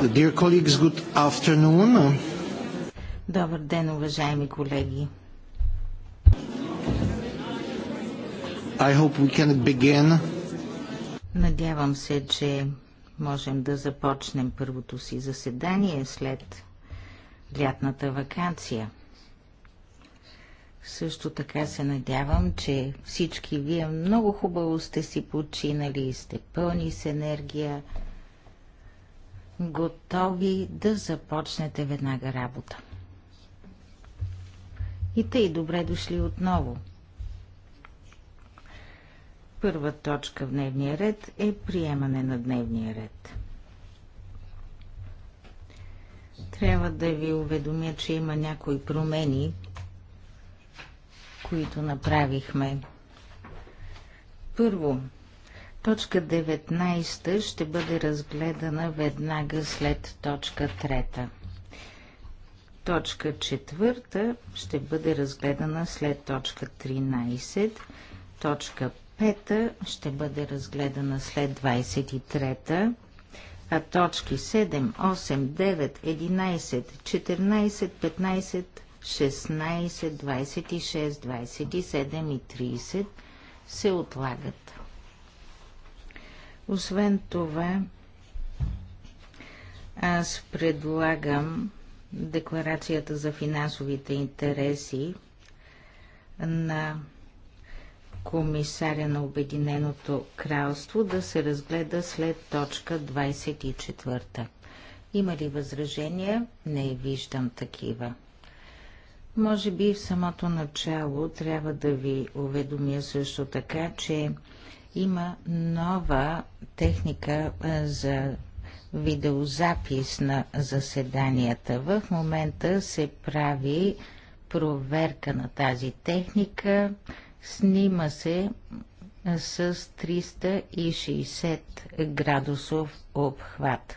Dear colleagues, good afternoon. Добър ден, уважаеми колеги. I hope we can begin. Надявам се, че можем да започнем първото си заседание след лятната вакансия. Също така се надявам, че всички вие много хубаво сте си починали и сте пълни с енергия – готови да започнете веднага работа. И тъй добре дошли отново. Първа точка в дневния ред е приемане на дневния ред. Трябва да ви уведомя, че има някои промени, които направихме. Първо, Точка 19 ще бъде разгледана веднага след точка 3. Точка 4 ще бъде разгледана след точка 13. Точка 5 ще бъде разгледана след 23 а точки 7, 8, 9, 11, 14, 15, 16, 26, 27 и 30 се отлагат. Освен това, аз предлагам декларацията за финансовите интереси на комисаря на Обединеното кралство да се разгледа след точка 24. Има ли възражения? Не виждам такива. Може би в самото начало трябва да ви уведомя също така, че има нова техника за видеозапис на заседанията. В момента се прави проверка на тази техника. Снима се с 360 градусов обхват.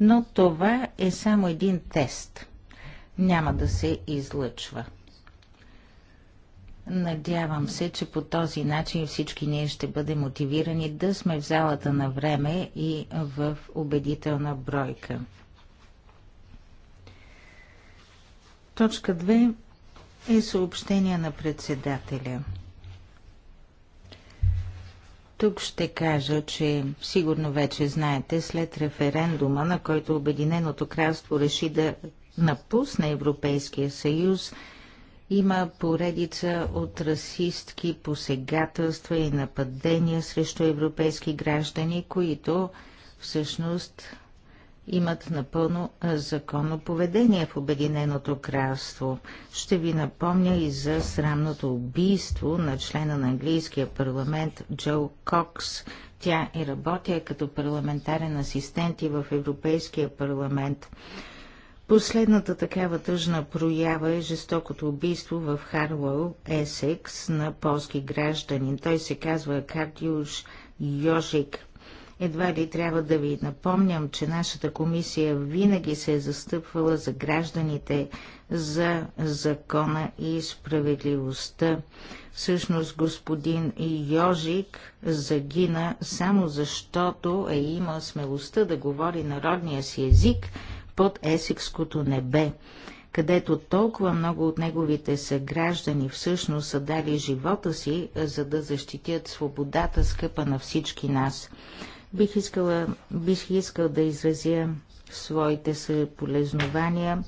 Но това е само един тест. Няма да се излъчва. Надявам се, че по този начин всички ние ще бъдем мотивирани да сме в залата на време и в убедителна бройка. Точка 2 е съобщение на председателя. Тук ще кажа, че сигурно вече знаете, след референдума, на който Обединеното кралство реши да напусне Европейския съюз – има поредица от расистки посегателства и нападения срещу европейски граждани, които всъщност имат напълно законно поведение в Обединеното кралство. Ще ви напомня и за срамното убийство на члена на английския парламент Джо Кокс. Тя е работя като парламентарен асистент и в Европейския парламент. Последната такава тъжна проява е жестокото убийство в Харлоу, Есекс, на полски гражданин. Той се казва Кардиуш Йожик. Едва ли трябва да ви напомням, че нашата комисия винаги се е застъпвала за гражданите, за закона и справедливостта. Всъщност господин Йожик загина само защото е имал смелостта да говори народния си език – под Есикското небе, където толкова много от неговите съграждани всъщност са дали живота си, е, за да защитят свободата, скъпа на всички нас. Бих, искала, бих искал да изразя своите полезнования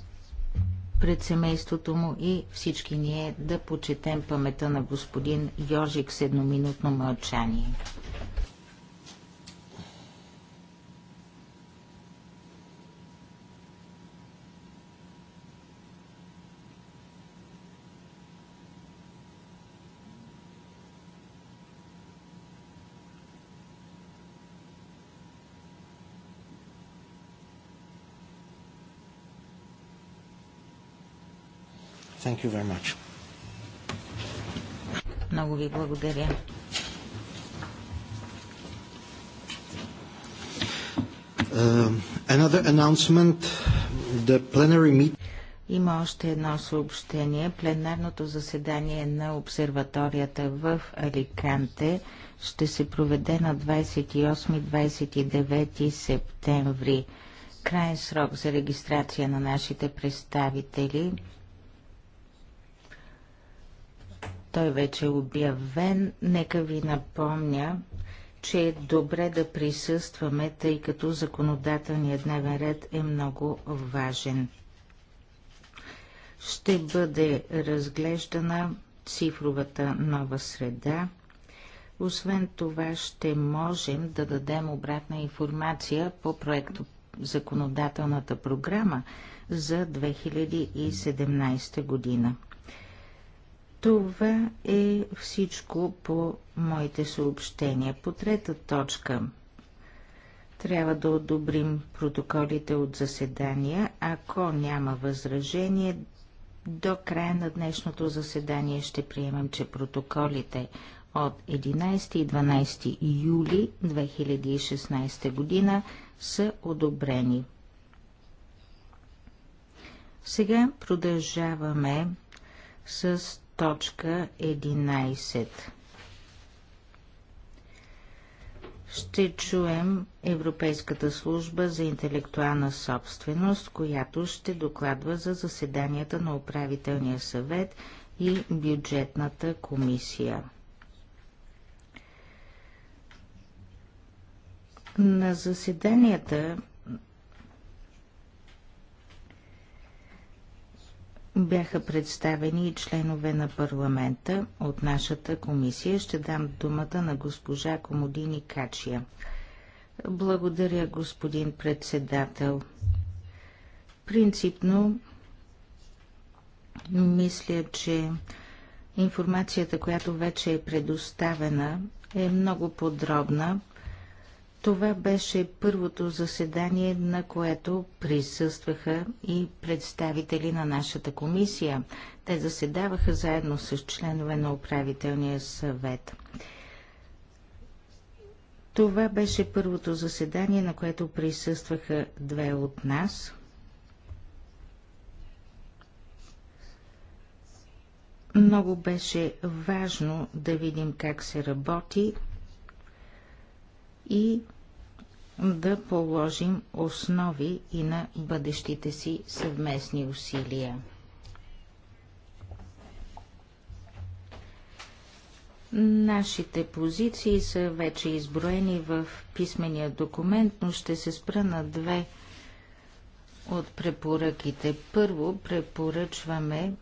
пред семейството му и всички ние да почетем памета на господин Йожик с едноминутно мълчание. Thank you very much. Много ви благодаря. Uh, another announcement. The plenary meet... Има още едно съобщение. Пленарното заседание на обсерваторията в Аликанте ще се проведе на 28-29 септември. Крайен срок за регистрация на нашите представители Той вече е обявен. Нека ви напомня, че е добре да присъстваме, тъй като законодателният дневен ред е много важен. Ще бъде разглеждана цифровата нова среда. Освен това ще можем да дадем обратна информация по проекто законодателната програма за 2017 година. Това е всичко по моите съобщения. По трета точка трябва да одобрим протоколите от заседания. Ако няма възражение, до края на днешното заседание ще приемем, че протоколите от 11 и 12 юли 2016 година са одобрени. Сега продължаваме с точка 11. Ще чуем Европейската служба за интелектуална собственост, която ще докладва за заседанията на управителния съвет и бюджетната комисия. На заседанията бяха представени и членове на парламента от нашата комисия. Ще дам думата на госпожа Комодини Качия. Благодаря, господин председател. Принципно, мисля, че информацията, която вече е предоставена, е много подробна. Това беше първото заседание, на което присъстваха и представители на нашата комисия. Те заседаваха заедно с членове на управителния съвет. Това беше първото заседание, на което присъстваха две от нас. Много беше важно да видим как се работи и да положим основи и на бъдещите си съвместни усилия. Нашите позиции са вече изброени в писмения документ, но ще се спра на две от препоръките. Първо препоръчваме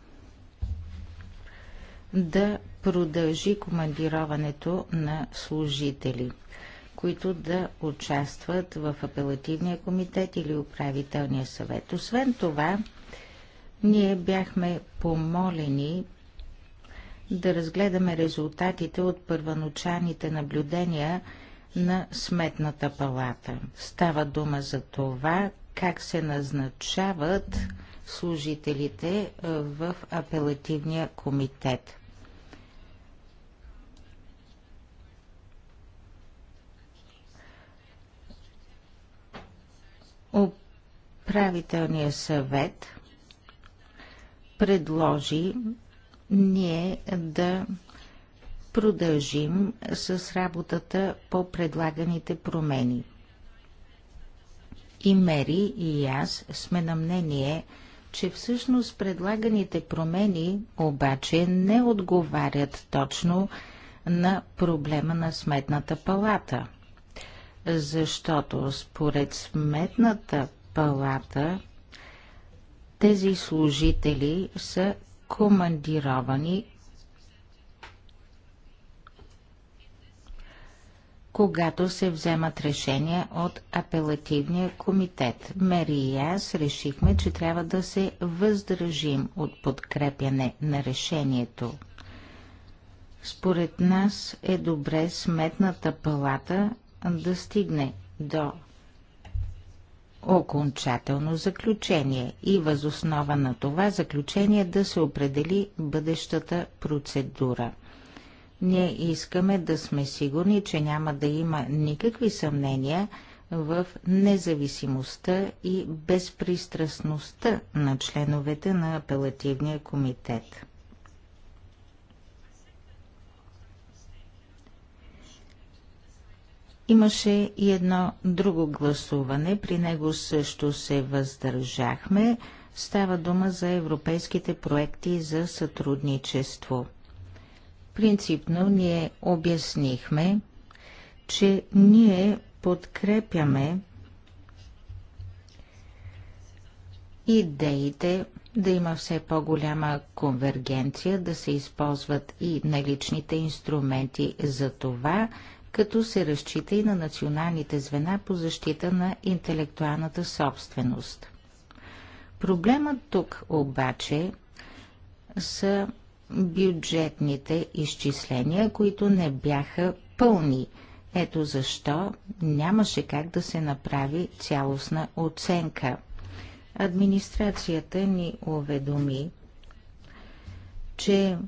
да продължи командироването на служители – които да участват в апелативния комитет или управителния съвет. Освен това, ние бяхме помолени да разгледаме резултатите от първоначалните наблюдения на Сметната палата. Става дума за това, как се назначават служителите в апелативния комитет. Управителният съвет предложи ние да продължим с работата по предлаганите промени. И Мери и аз сме на мнение, че всъщност предлаганите промени обаче не отговарят точно на проблема на Сметната палата – защото според сметната палата тези служители са командировани, когато се вземат решения от апелативния комитет. Мери и аз решихме, че трябва да се въздържим от подкрепяне на решението. Според нас е добре сметната палата да стигне до окончателно заключение и възоснова на това заключение да се определи бъдещата процедура. Ние искаме да сме сигурни, че няма да има никакви съмнения в независимостта и безпристрастността на членовете на апелативния комитет. Имаше и едно друго гласуване, при него също се въздържахме. Става дума за европейските проекти за сътрудничество. Принципно ние обяснихме, че ние подкрепяме идеите да има все по-голяма конвергенция, да се използват и наличните инструменти за това, като се разчита и на националните звена по защита на интелектуалната собственост. Проблемът тук обаче са бюджетните изчисления, които не бяха пълни. Ето защо нямаше как да се направи цялостна оценка. Администрацията ни уведоми, че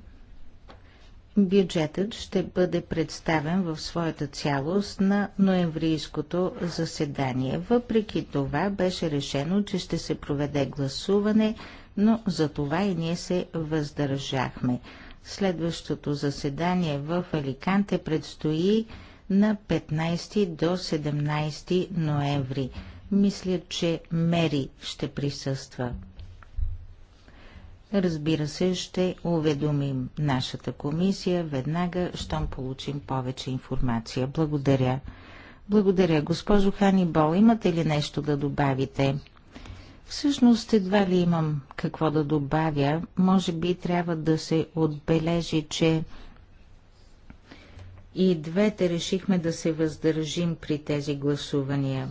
Бюджетът ще бъде представен в своята цялост на ноемврийското заседание. Въпреки това беше решено, че ще се проведе гласуване, но за това и ние се въздържахме. Следващото заседание в Аликанте предстои на 15 до 17 ноември. Мисля, че Мери ще присъства. Разбира се, ще уведомим нашата комисия веднага, щом получим повече информация. Благодаря. Благодаря, госпожо Ханибол. Имате ли нещо да добавите? Всъщност едва ли имам какво да добавя. Може би трябва да се отбележи, че и двете решихме да се въздържим при тези гласувания.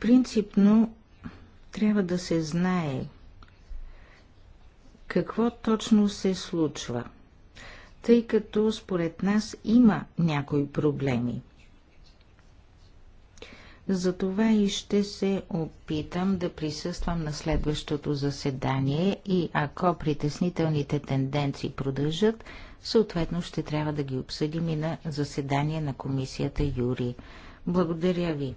Принципно трябва да се знае какво точно се случва, тъй като според нас има някои проблеми. Затова и ще се опитам да присъствам на следващото заседание и ако притеснителните тенденции продължат, съответно ще трябва да ги обсъдим и на заседание на комисията Юри. Благодаря ви.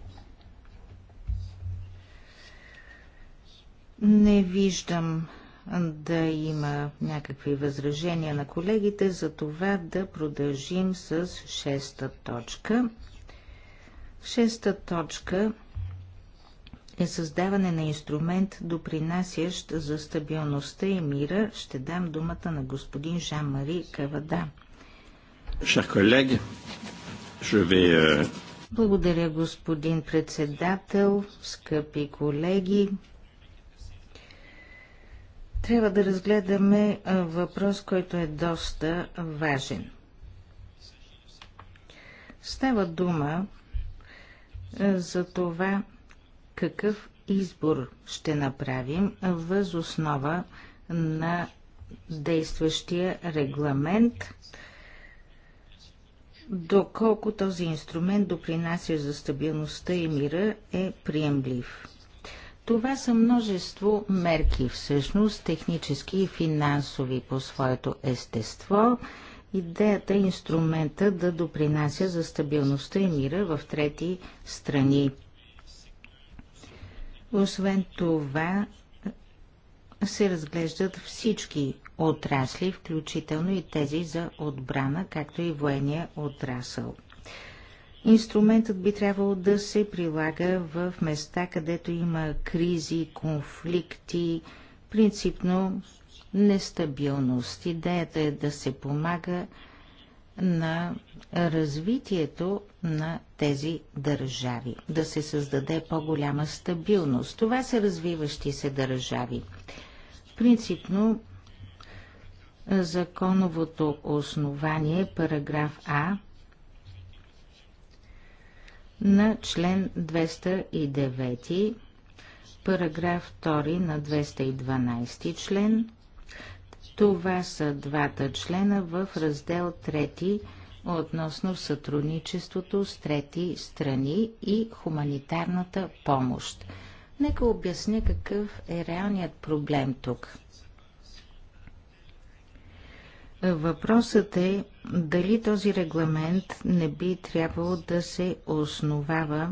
Не виждам да има някакви възражения на колегите, за това да продължим с шеста точка. Шеста точка е създаване на инструмент, допринасящ за стабилността и мира. Ще дам думата на господин Жан-Мари Кавада. Шер е, Благодаря, господин председател, скъпи колеги трябва да разгледаме въпрос, който е доста важен. Става дума за това какъв избор ще направим въз основа на действащия регламент, доколко този инструмент допринася за стабилността и мира е приемлив. Това са множество мерки, всъщност технически и финансови по своето естество. Идеята е инструмента да допринася за стабилността и мира в трети страни. Освен това, се разглеждат всички отрасли, включително и тези за отбрана, както и военния отрасъл. Инструментът би трябвало да се прилага в места, където има кризи, конфликти, принципно нестабилност. Идеята е да се помага на развитието на тези държави, да се създаде по-голяма стабилност. Това са развиващи се държави. Принципно законовото основание, параграф А, на член 209, параграф 2 на 212 член. Това са двата члена в раздел 3 относно сътрудничеството с трети страни и хуманитарната помощ. Нека обясня какъв е реалният проблем тук. Въпросът е дали този регламент не би трябвало да се основава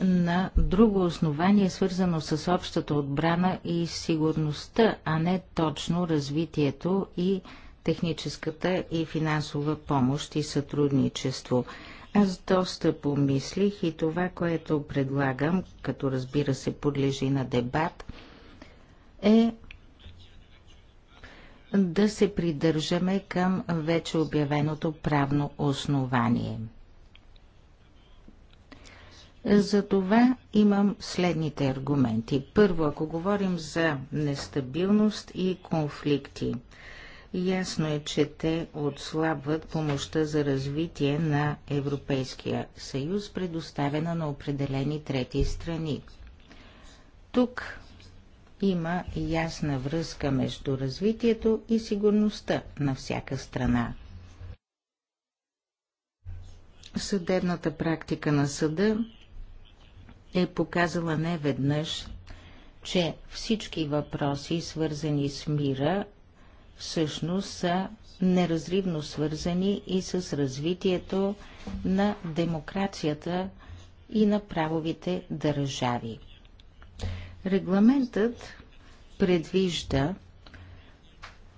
на друго основание, свързано с общата отбрана и сигурността, а не точно развитието и техническата и финансова помощ и сътрудничество. Аз доста помислих и това, което предлагам, като разбира се подлежи на дебат, е да се придържаме към вече обявеното правно основание. За това имам следните аргументи. Първо, ако говорим за нестабилност и конфликти, ясно е, че те отслабват помощта за развитие на Европейския съюз, предоставена на определени трети страни. Тук има ясна връзка между развитието и сигурността на всяка страна. Съдебната практика на съда е показала не веднъж, че всички въпроси, свързани с мира, всъщност са неразривно свързани и с развитието на демокрацията и на правовите държави. Регламентът предвижда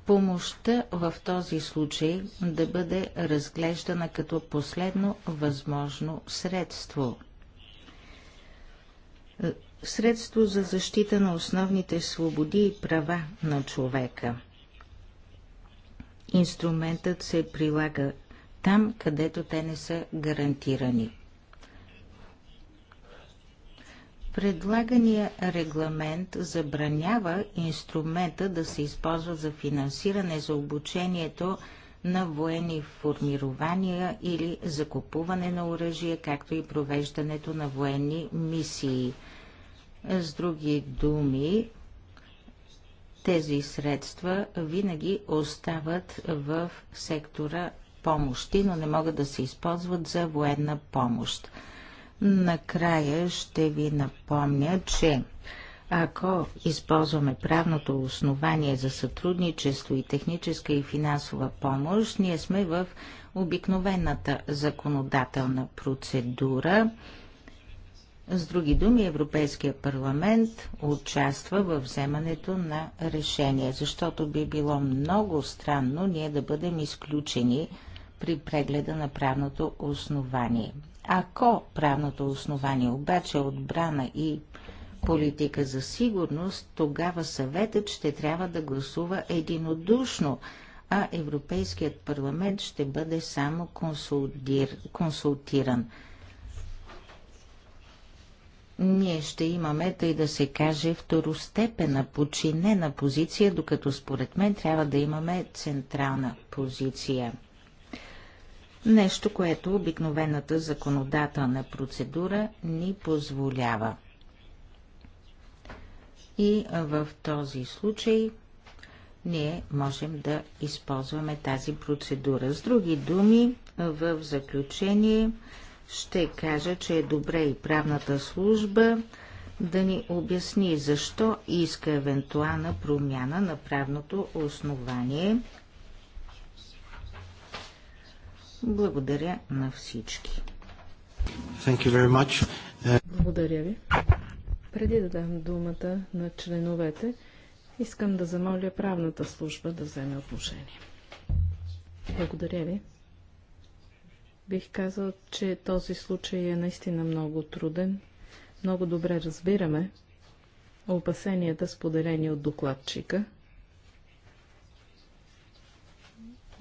помощта в този случай да бъде разглеждана като последно възможно средство. Средство за защита на основните свободи и права на човека. Инструментът се прилага там, където те не са гарантирани. Предлагания регламент забранява инструмента да се използва за финансиране за обучението на военни формирования или закупуване на оръжие, както и провеждането на военни мисии. С други думи, тези средства винаги остават в сектора помощи, но не могат да се използват за военна помощ. Накрая ще ви напомня, че ако използваме правното основание за сътрудничество и техническа и финансова помощ, ние сме в обикновената законодателна процедура. С други думи, Европейския парламент участва в вземането на решение, защото би било много странно ние да бъдем изключени при прегледа на правното основание. Ако правното основание обаче е отбрана и политика за сигурност, тогава съветът ще трябва да гласува единодушно, а Европейският парламент ще бъде само консултир... консултиран. Ние ще имаме, тъй да се каже, второстепена, подчинена позиция, докато според мен трябва да имаме централна позиция нещо, което обикновената законодателна процедура ни позволява. И в този случай ние можем да използваме тази процедура. С други думи, в заключение ще кажа, че е добре и правната служба да ни обясни защо иска евентуална промяна на правното основание благодаря на всички. Thank you very much. Благодаря ви. Преди да дам думата на членовете, искам да замоля правната служба да вземе отношение. Благодаря ви. Бих казал, че този случай е наистина много труден. Много добре разбираме опасенията, споделени от докладчика –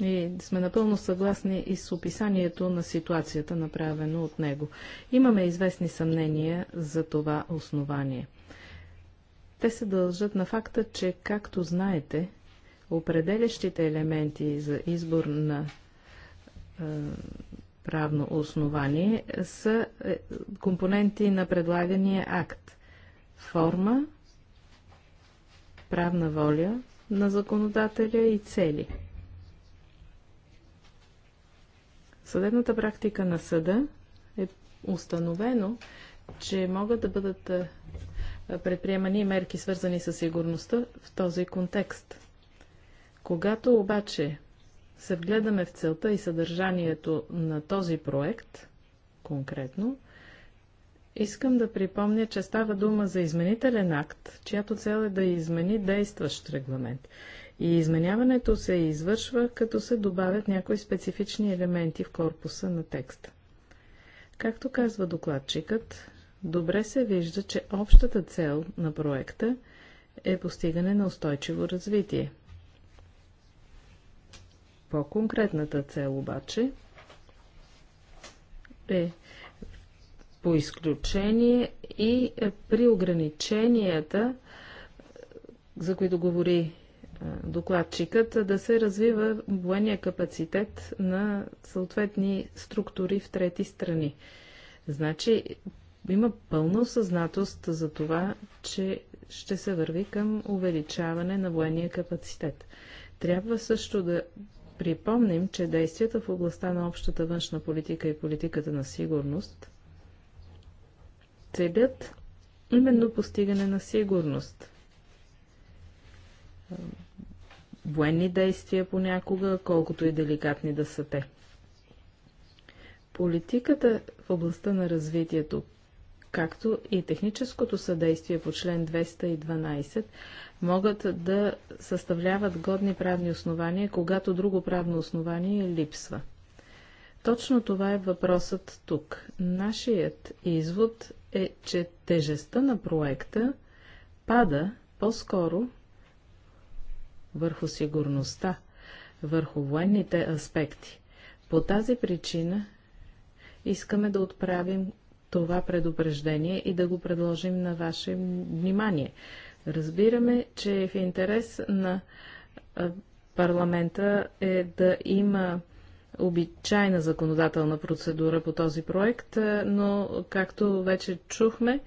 и сме напълно съгласни и с описанието на ситуацията, направено от него. Имаме известни съмнения за това основание. Те се дължат на факта, че, както знаете, определящите елементи за избор на е, правно основание са е, компоненти на предлагания акт. Форма, правна воля на законодателя и цели – съдебната практика на съда е установено, че могат да бъдат е, предприемани мерки, свързани с сигурността в този контекст. Когато обаче се вгледаме в целта и съдържанието на този проект, конкретно, искам да припомня, че става дума за изменителен акт, чиято цел е да измени действащ регламент. И изменяването се извършва, като се добавят някои специфични елементи в корпуса на текста. Както казва докладчикът, добре се вижда, че общата цел на проекта е постигане на устойчиво развитие. По-конкретната цел обаче е по изключение и при ограниченията, за които говори докладчикът да се развива военния капацитет на съответни структури в трети страни. Значи има пълна осъзнатост за това, че ще се върви към увеличаване на военния капацитет. Трябва също да припомним, че действията в областта на общата външна политика и политиката на сигурност целят именно постигане на сигурност военни действия понякога, колкото и деликатни да са те. Политиката в областта на развитието, както и техническото съдействие по член 212, могат да съставляват годни правни основания, когато друго правно основание липсва. Точно това е въпросът тук. Нашият извод е, че тежестта на проекта пада по-скоро върху сигурността, върху военните аспекти. По тази причина искаме да отправим това предупреждение и да го предложим на ваше внимание. Разбираме, че е в интерес на парламента е да има обичайна законодателна процедура по този проект, но както вече чухме,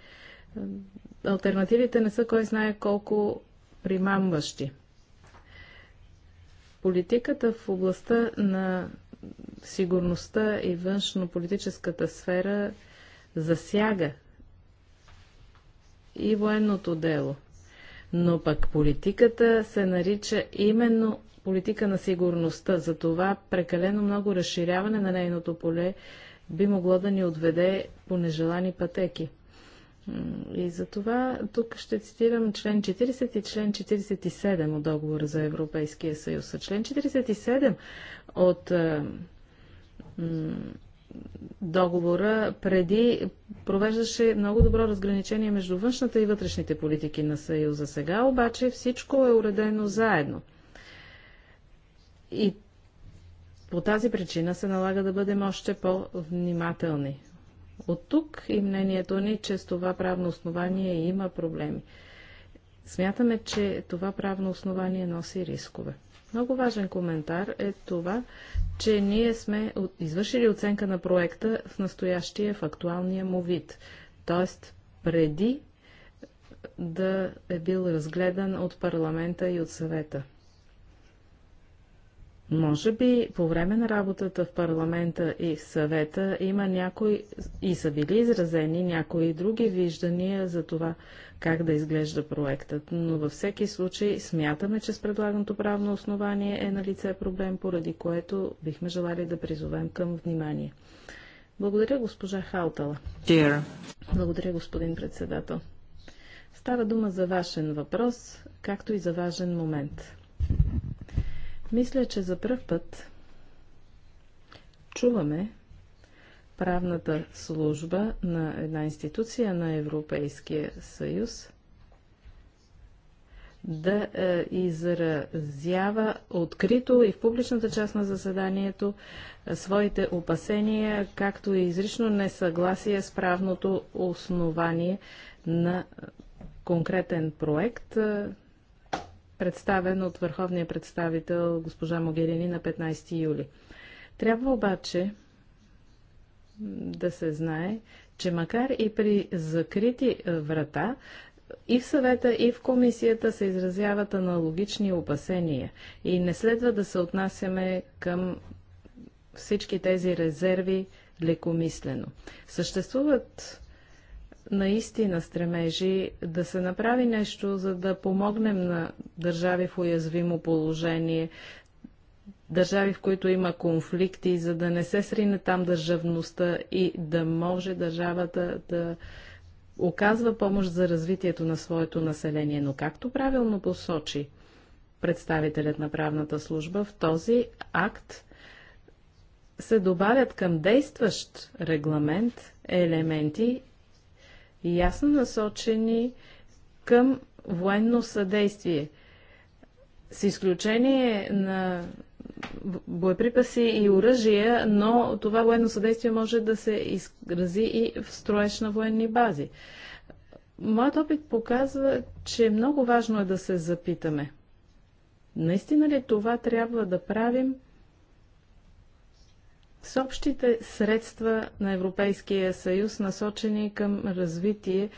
альтернативите не са кой знае колко примамващи. Политиката в областта на сигурността и външно-политическата сфера засяга и военното дело. Но пък политиката се нарича именно политика на сигурността. Затова прекалено много разширяване на нейното поле би могло да ни отведе по нежелани пътеки. И за това тук ще цитирам член 40 и член 47 от договора за Европейския съюз. член 47 от договора преди провеждаше много добро разграничение между външната и вътрешните политики на Съюза. Сега обаче всичко е уредено заедно. И по тази причина се налага да бъдем още по-внимателни от тук и мнението ни, че с това правно основание има проблеми. Смятаме, че това правно основание носи рискове. Много важен коментар е това, че ние сме извършили оценка на проекта в настоящия, в актуалния му вид. Тоест, преди да е бил разгледан от парламента и от съвета. Може би по време на работата в парламента и в съвета има някои и са били изразени някои други виждания за това как да изглежда проектът, но във всеки случай смятаме, че с предлаганото правно основание е на лице проблем, поради което бихме желали да призовем към внимание. Благодаря, госпожа Халтала. Dear. Благодаря, господин председател. Става дума за вашен въпрос, както и за важен момент. Мисля, че за първ път чуваме правната служба на една институция на Европейския съюз да е, изразява открито и в публичната част на заседанието е, своите опасения, както и изрично несъгласие с правното основание на конкретен проект, е, представен от върховния представител госпожа Могерини на 15 юли. Трябва обаче да се знае, че макар и при закрити врата, и в съвета, и в комисията се изразяват аналогични опасения и не следва да се отнасяме към всички тези резерви лекомислено. Съществуват наистина стремежи да се направи нещо, за да помогнем на държави в уязвимо положение, държави, в които има конфликти, за да не се срине там държавността и да може държавата да оказва помощ за развитието на своето население. Но както правилно посочи представителят на правната служба, в този акт се добавят към действащ регламент елементи, ясно насочени към военно съдействие. С изключение на боеприпаси и оръжия, но това военно съдействие може да се изрази и в строеж на военни бази. Моят опит показва, че много важно е да се запитаме. Наистина ли това трябва да правим с общите средства на Европейския съюз, насочени към развитие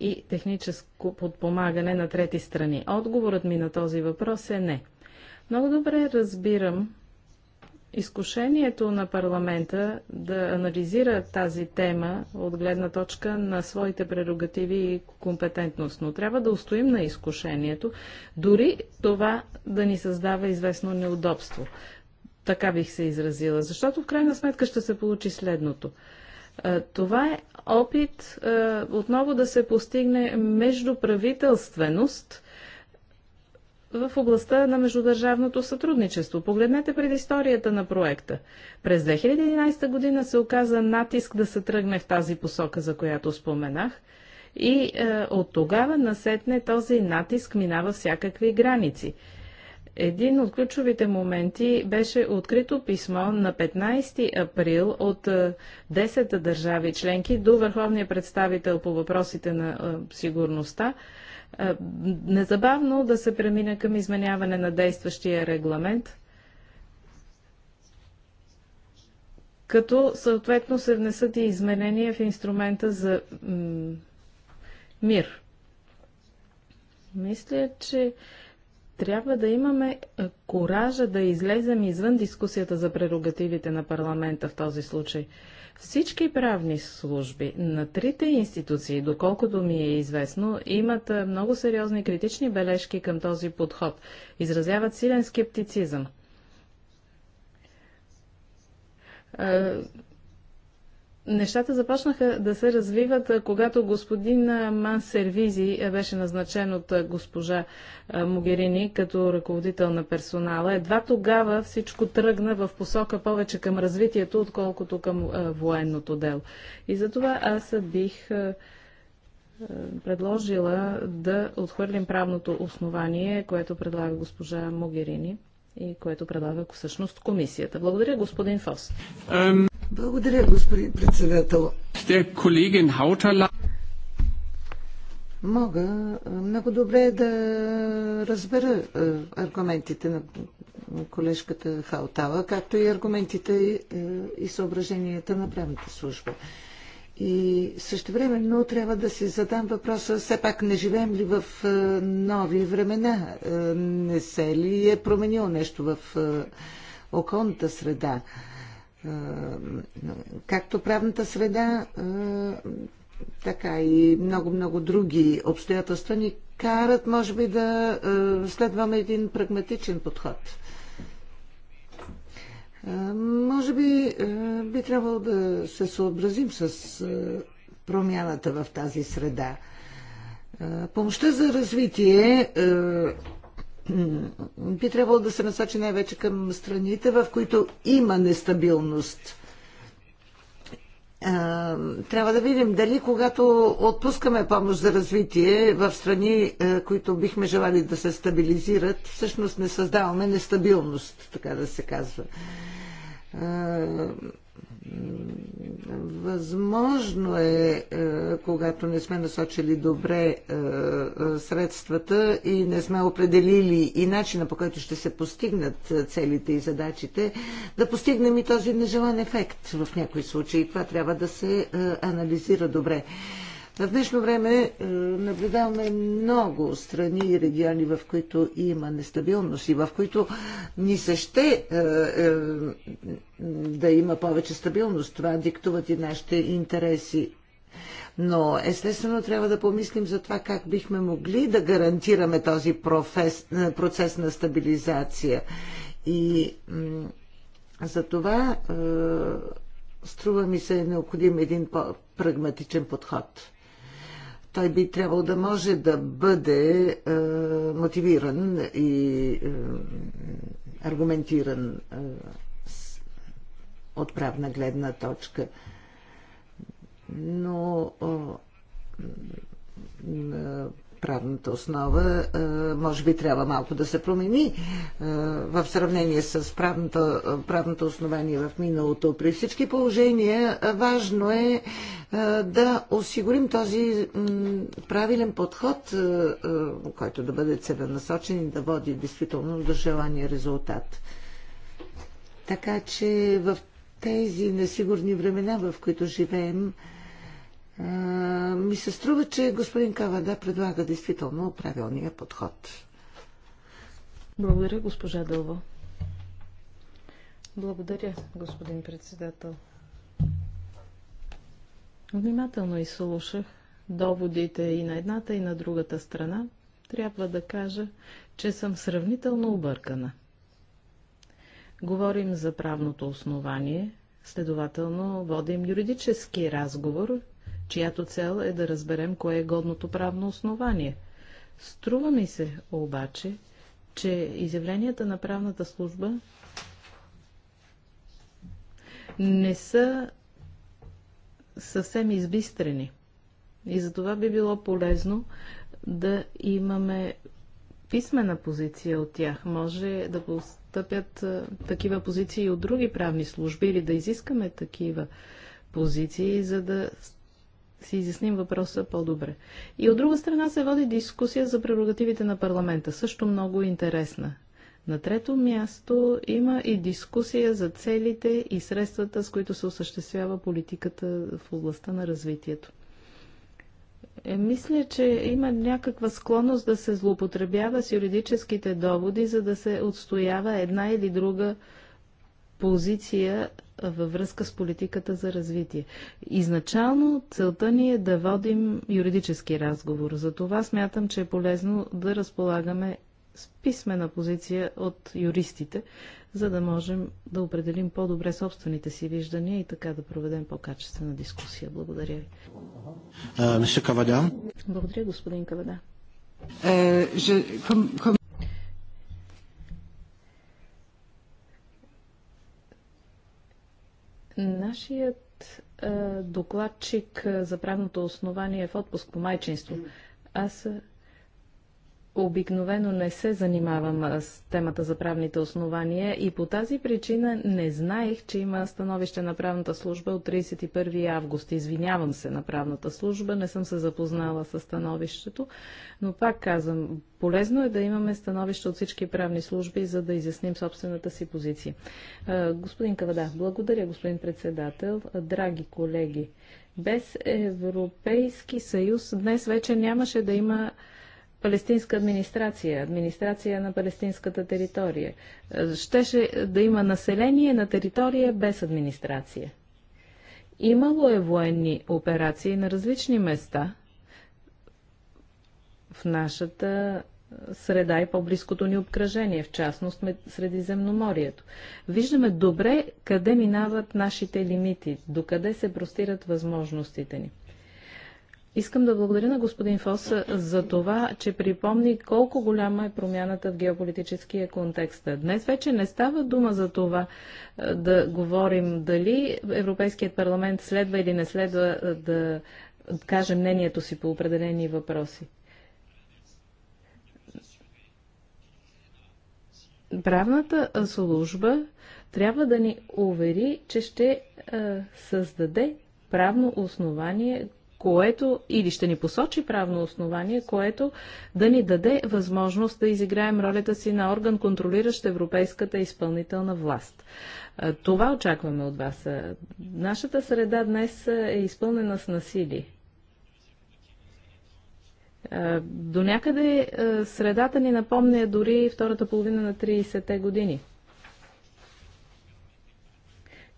и техническо подпомагане на трети страни? Отговорът ми на този въпрос е не. Много добре разбирам изкушението на парламента да анализира тази тема от гледна точка на своите прерогативи и компетентност, но трябва да устоим на изкушението, дори това да ни създава известно неудобство. Така бих се изразила, защото в крайна сметка ще се получи следното. Това е опит отново да се постигне междуправителственост в областта на междудържавното сътрудничество. Погледнете предисторията на проекта. През 2011 година се оказа натиск да се тръгне в тази посока, за която споменах. И е, от тогава насетне този натиск минава всякакви граници. Един от ключовите моменти беше открито писмо на 15 април от 10 е, държави членки до Върховния представител по въпросите на е, сигурността, е, незабавно да се премине към изменяване на действащия регламент, като съответно се внесат и изменения в инструмента за мир. Мисля, че трябва да имаме е, коража да излезем извън дискусията за прерогативите на парламента в този случай. Всички правни служби на трите институции, доколкото ми е известно, имат е, много сериозни критични бележки към този подход. Изразяват силен скептицизъм. Е, Нещата започнаха да се развиват, когато господин Ман Сервизи беше назначен от госпожа Могерини като ръководител на персонала. Едва тогава всичко тръгна в посока повече към развитието, отколкото към военното дело. И затова аз бих предложила да отхвърлим правното основание, което предлага госпожа Могерини и което предлага всъщност комисията. Благодаря, господин Фос. Um... Благодаря, господин председател. Мога много добре е да разбера аргументите на колежката Хаутала, както и аргументите и съображенията на правната служба. И също времено трябва да си задам въпроса, все пак не живеем ли в нови времена? Не се ли е променило нещо в околната среда? Е, както правната среда, е, така и много-много други обстоятелства ни карат, може би, да е, следваме един прагматичен подход. Може би би трябвало да се съобразим с промяната в тази среда. Помощта за развитие би трябвало да се насочи най-вече към страните, в които има нестабилност. Трябва да видим дали когато отпускаме помощ за развитие в страни, които бихме желали да се стабилизират, всъщност не създаваме нестабилност, така да се казва Възможно е, е, когато не сме насочили добре е, е, средствата и не сме определили и начина по който ще се постигнат целите и задачите, да постигнем и този нежелан ефект в някои случаи. Това трябва да се анализира добре. В днешно време е, наблюдаваме много страни и региони, в които има нестабилност и в които ни се ще е, е, да има повече стабилност. Това диктуват и нашите интереси. Но естествено трябва да помислим за това как бихме могли да гарантираме този профес, процес на стабилизация. И за това е, струва ми се е необходим един по-прагматичен подход той би трябвало да може да бъде а, е, мотивиран и а, е, аргументиран а, е, с, от правна гледна точка. Но а, правната основа е, може би трябва малко да се промени е, в сравнение с правната, правното основание в миналото. При всички положения е, важно е да осигурим този правилен подход, който да бъде целенасочен и да води действително до желания резултат. Така че в тези несигурни времена, в които живеем, ми се струва, че господин Кавада предлага действително правилния подход. Благодаря, госпожа Дълва. Благодаря, господин председател. Внимателно изслушах доводите и на едната, и на другата страна. Трябва да кажа, че съм сравнително объркана. Говорим за правното основание, следователно водим юридически разговор чиято цел е да разберем кое е годното правно основание. Струва ми се обаче, че изявленията на правната служба не са съвсем избистрени. И за това би било полезно да имаме писмена позиция от тях. Може да постъпят такива позиции и от други правни служби или да изискаме такива позиции, за да си изясним въпроса по-добре. И от друга страна се води дискусия за прерогативите на парламента, също много интересна. На трето място има и дискусия за целите и средствата, с които се осъществява политиката в областта на развитието. Е, мисля, че има някаква склонност да се злоупотребява с юридическите доводи, за да се отстоява една или друга позиция във връзка с политиката за развитие. Изначално целта ни е да водим юридически разговор. За това смятам, че е полезно да разполагаме с писмена позиция от юристите, за да можем да определим по-добре собствените си виждания и така да проведем по-качествена дискусия. Благодаря ви. Благодаря, господин Кавада. Е, Нашият докладчик за правното основание е в отпуск по майчинство. Аз обикновено не се занимавам с темата за правните основания и по тази причина не знаех, че има становище на правната служба от 31 август. Извинявам се на правната служба, не съм се запознала с становището, но пак казвам, полезно е да имаме становище от всички правни служби, за да изясним собствената си позиция. Господин Кавада, благодаря, господин председател. Драги колеги, без Европейски съюз днес вече нямаше да има палестинска администрация, администрация на палестинската територия. Щеше да има население на територия без администрация. Имало е военни операции на различни места в нашата среда и по-близкото ни обкръжение, в частност Средиземноморието. Виждаме добре къде минават нашите лимити, докъде се простират възможностите ни. Искам да благодаря на господин Фос за това, че припомни колко голяма е промяната в геополитическия контекст. Днес вече не става дума за това е, да говорим дали Европейският парламент следва или не следва е, да каже мнението си по определени въпроси. Правната служба трябва да ни увери, че ще е, създаде правно основание, което или ще ни посочи правно основание, което да ни даде възможност да изиграем ролята си на орган, контролиращ европейската изпълнителна власт. Това очакваме от вас. Нашата среда днес е изпълнена с насилие. До някъде средата ни напомня дори втората половина на 30-те години.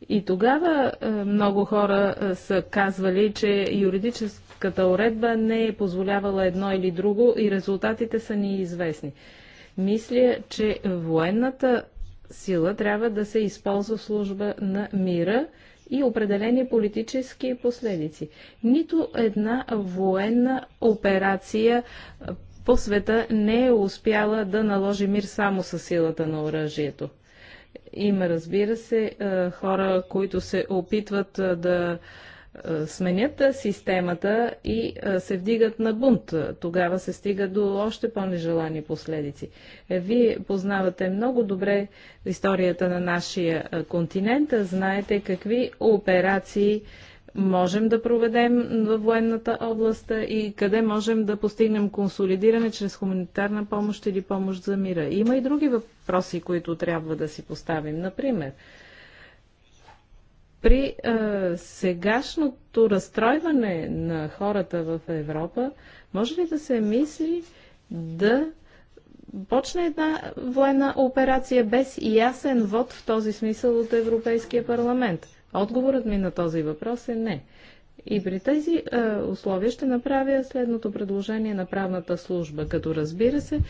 И тогава е, много хора е, са казвали, че юридическата уредба не е позволявала едно или друго и резултатите са ни известни. Мисля, че военната сила трябва да се използва в служба на мира и определени политически последици. Нито една военна операция е, по света не е успяла да наложи мир само с силата на оръжието. Има, разбира се, хора, които се опитват да сменят системата и се вдигат на бунт. Тогава се стига до още по-нежелани последици. Е, вие познавате много добре историята на нашия континент. Знаете какви операции можем да проведем във военната област и къде можем да постигнем консолидиране чрез хуманитарна помощ или помощ за мира. Има и други въпроси, които трябва да си поставим. Например, при е, сегашното разстройване на хората в Европа, може ли да се мисли да почне една военна операция без ясен вод в този смисъл от Европейския парламент? Отговорът ми на този въпрос е не. И при тези е, условия ще направя следното предложение на правната служба, като разбира се, е,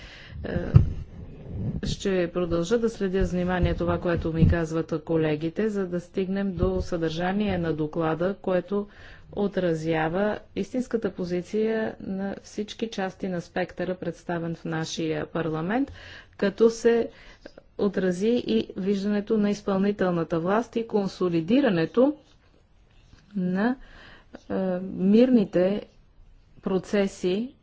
ще продължа да следя внимание това, което ми казват колегите, за да стигнем до съдържание на доклада, което отразява истинската позиция на всички части на спектъра, представен в нашия парламент, като се е, отрази и виждането на изпълнителната власт и консолидирането на е, мирните процеси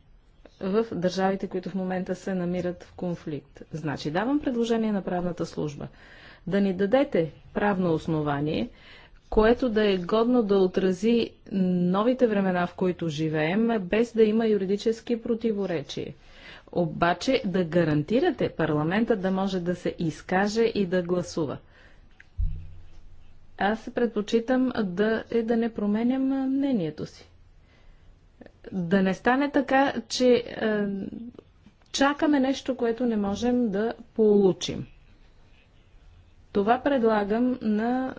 в държавите, които в момента се намират в конфликт. Значи давам предложение на правната служба да ни дадете правно основание, което да е годно да отрази новите времена, в които живеем, без да има юридически противоречия. Обаче да гарантирате парламента да може да се изкаже и да гласува. Аз предпочитам да, е да не променям мнението си. Да не стане така, че е, чакаме нещо, което не можем да получим. Това предлагам на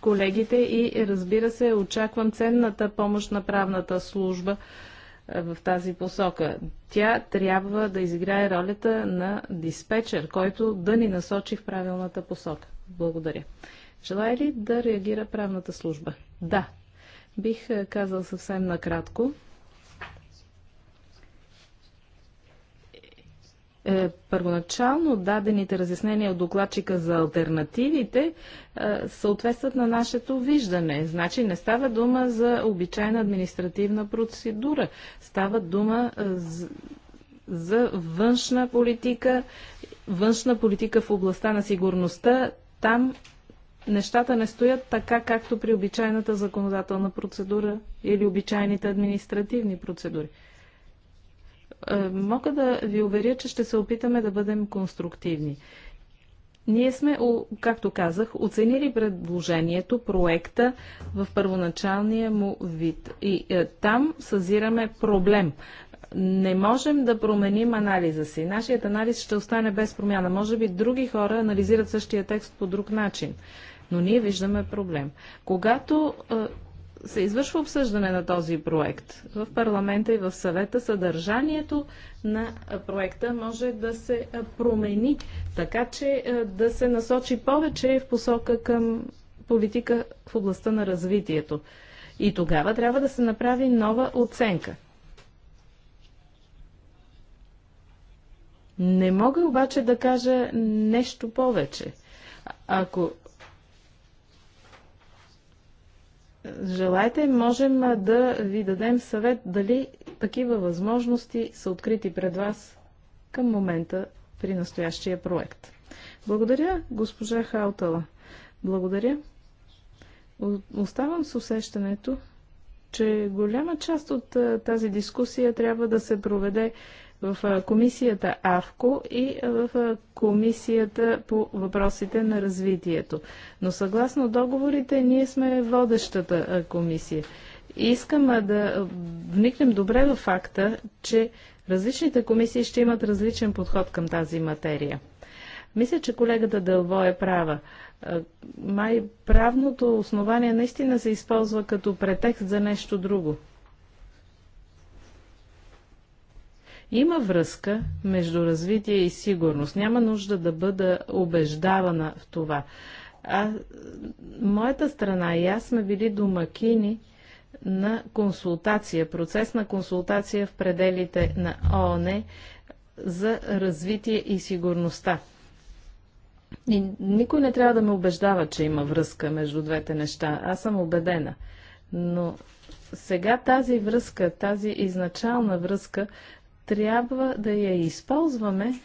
колегите и разбира се, очаквам ценната помощ на правната служба е, в тази посока. Тя трябва да изиграе ролята на диспетчер, който да ни насочи в правилната посока. Благодаря. Желая ли да реагира правната служба? Да. Бих е, казал съвсем накратко. е, първоначално дадените разяснения от докладчика за альтернативите е, съответстват на нашето виждане. Значи не става дума за обичайна административна процедура. Става дума е, за външна политика, външна политика в областта на сигурността. Там нещата не стоят така, както при обичайната законодателна процедура или обичайните административни процедури. Е, мога да ви уверя, че ще се опитаме да бъдем конструктивни. Ние сме, както казах, оценили предложението, проекта в първоначалния му вид. И е, там съзираме проблем. Не можем да променим анализа си. Нашият анализ ще остане без промяна. Може би други хора анализират същия текст по друг начин. Но ние виждаме проблем. Когато е, се извършва обсъждане на този проект в парламента и в съвета, съдържанието на проекта може да се промени, така че да се насочи повече в посока към политика в областта на развитието. И тогава трябва да се направи нова оценка. Не мога обаче да кажа нещо повече. Ако Желайте, можем да ви дадем съвет дали такива възможности са открити пред вас към момента при настоящия проект. Благодаря, госпожа Хаутала. Благодаря. Оставам с усещането, че голяма част от тази дискусия трябва да се проведе в комисията АВКО и в комисията по въпросите на развитието. Но съгласно договорите ние сме водещата комисия. Искам да вникнем добре в факта, че различните комисии ще имат различен подход към тази материя. Мисля, че колегата Дълво е права. Май правното основание наистина се използва като претекст за нещо друго. Има връзка между развитие и сигурност. Няма нужда да бъда убеждавана в това. А, моята страна и аз сме били домакини на консултация, процес на консултация в пределите на ООН за развитие и сигурността. И никой не трябва да ме убеждава, че има връзка между двете неща. Аз съм убедена. Но сега тази връзка, тази изначална връзка трябва да я използваме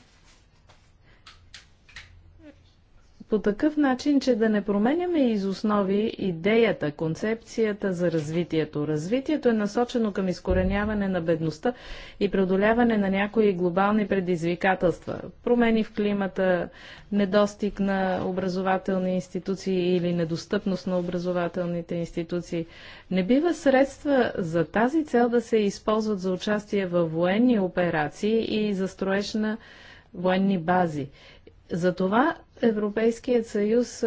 по такъв начин, че да не променяме из основи идеята, концепцията за развитието. Развитието е насочено към изкореняване на бедността и преодоляване на някои глобални предизвикателства. Промени в климата, недостиг на образователни институции или недостъпност на образователните институции. Не бива средства за тази цел да се използват за участие във военни операции и за строеж на военни бази затова Европейският съюз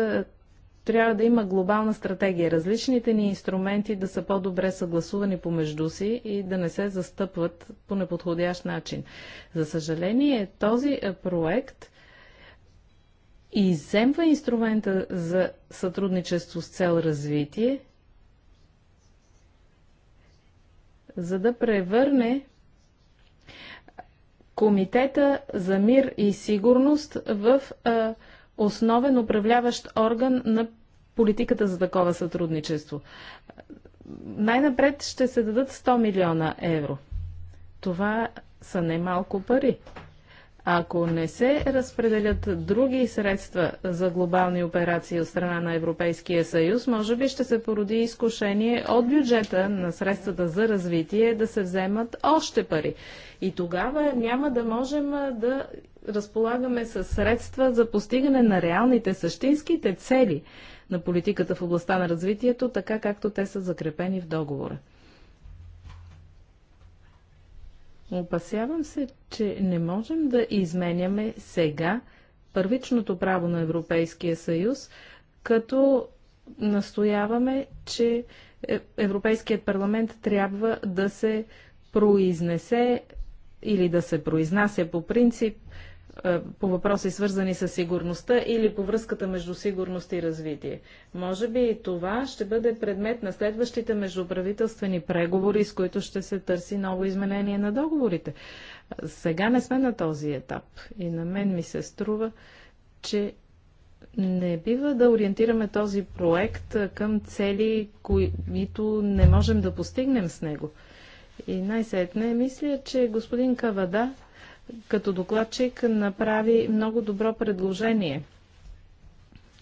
трябва да има глобална стратегия, различните ни инструменти да са по-добре съгласувани помежду си и да не се застъпват по неподходящ начин. За съжаление, този проект иземва инструмента за сътрудничество с цел развитие, за да превърне Комитета за мир и сигурност в а, основен управляващ орган на политиката за такова сътрудничество. Най-напред ще се дадат 100 милиона евро. Това са немалко пари. Ако не се разпределят други средства за глобални операции от страна на Европейския съюз, може би ще се породи изкушение от бюджета на средствата за развитие да се вземат още пари. И тогава няма да можем да разполагаме с средства за постигане на реалните същинските цели на политиката в областта на развитието, така както те са закрепени в договора. Опасявам се, че не можем да изменяме сега първичното право на Европейския съюз, като настояваме, че е, Европейският парламент трябва да се произнесе или да се произнася по принцип е, по въпроси свързани с сигурността или по връзката между сигурност и развитие. Може би и това ще бъде предмет на следващите междуправителствени преговори, с които ще се търси ново изменение на договорите. Сега не сме на този етап и на мен ми се струва, че не бива да ориентираме този проект към цели, които не можем да постигнем с него. И най-сетне мисля, че господин Кавада като докладчик направи много добро предложение.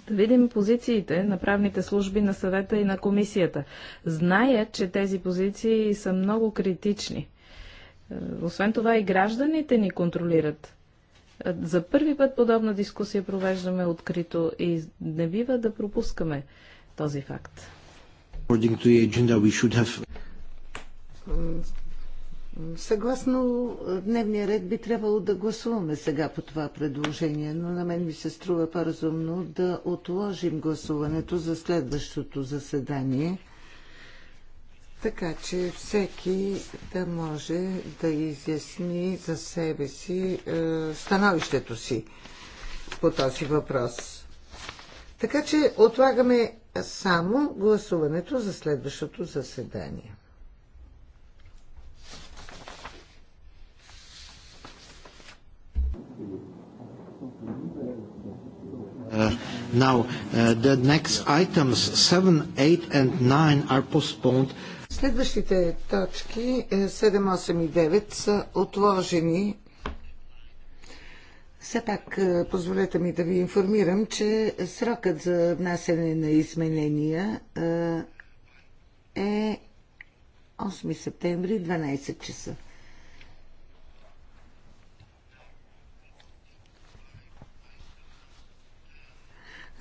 Да видим позициите на правните служби на съвета и на комисията. Зная, че тези позиции са много критични. Е, освен това и гражданите ни контролират. Е, за първи път подобна дискусия провеждаме открито и не бива да пропускаме този факт. Съгласно дневния ред би трябвало да гласуваме сега по това предложение, но на мен ми се струва по-разумно да отложим гласуването за следващото заседание, така че всеки да може да изясни за себе си е, становището си по този въпрос. Така че отлагаме само гласуването за следващото заседание. Uh, now, uh, the next items 7, 8 and 9 are postponed. Следващите точки 7, е, 8 и 9 са отложени. Все пак е, позволете ми да ви информирам, че срокът за внасяне на изменения е 8 септември, 12 часа.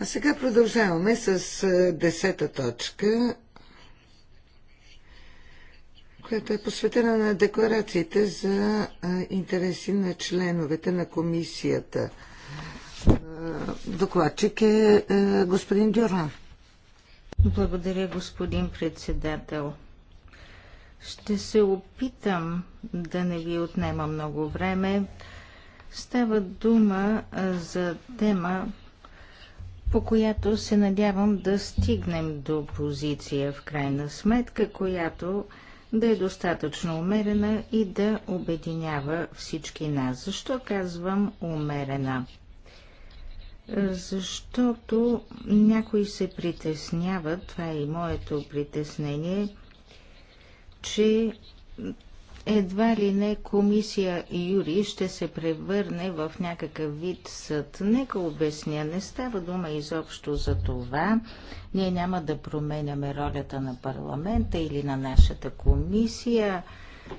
А сега продължаваме с е, десета точка, която е посветена на декларациите за е, интереси на членовете на комисията. Е, докладчик е господин Дюран. Благодаря, господин председател. Ще се опитам да не ви отнема много време. Става дума за тема, по която се надявам да стигнем до позиция в крайна сметка, която да е достатъчно умерена и да обединява всички нас. Защо казвам умерена? Защото някои се притесняват, това е и моето притеснение, че едва ли не комисия Юри ще се превърне в някакъв вид съд. Нека обясня, не става дума изобщо за това. Ние няма да променяме ролята на парламента или на нашата комисия.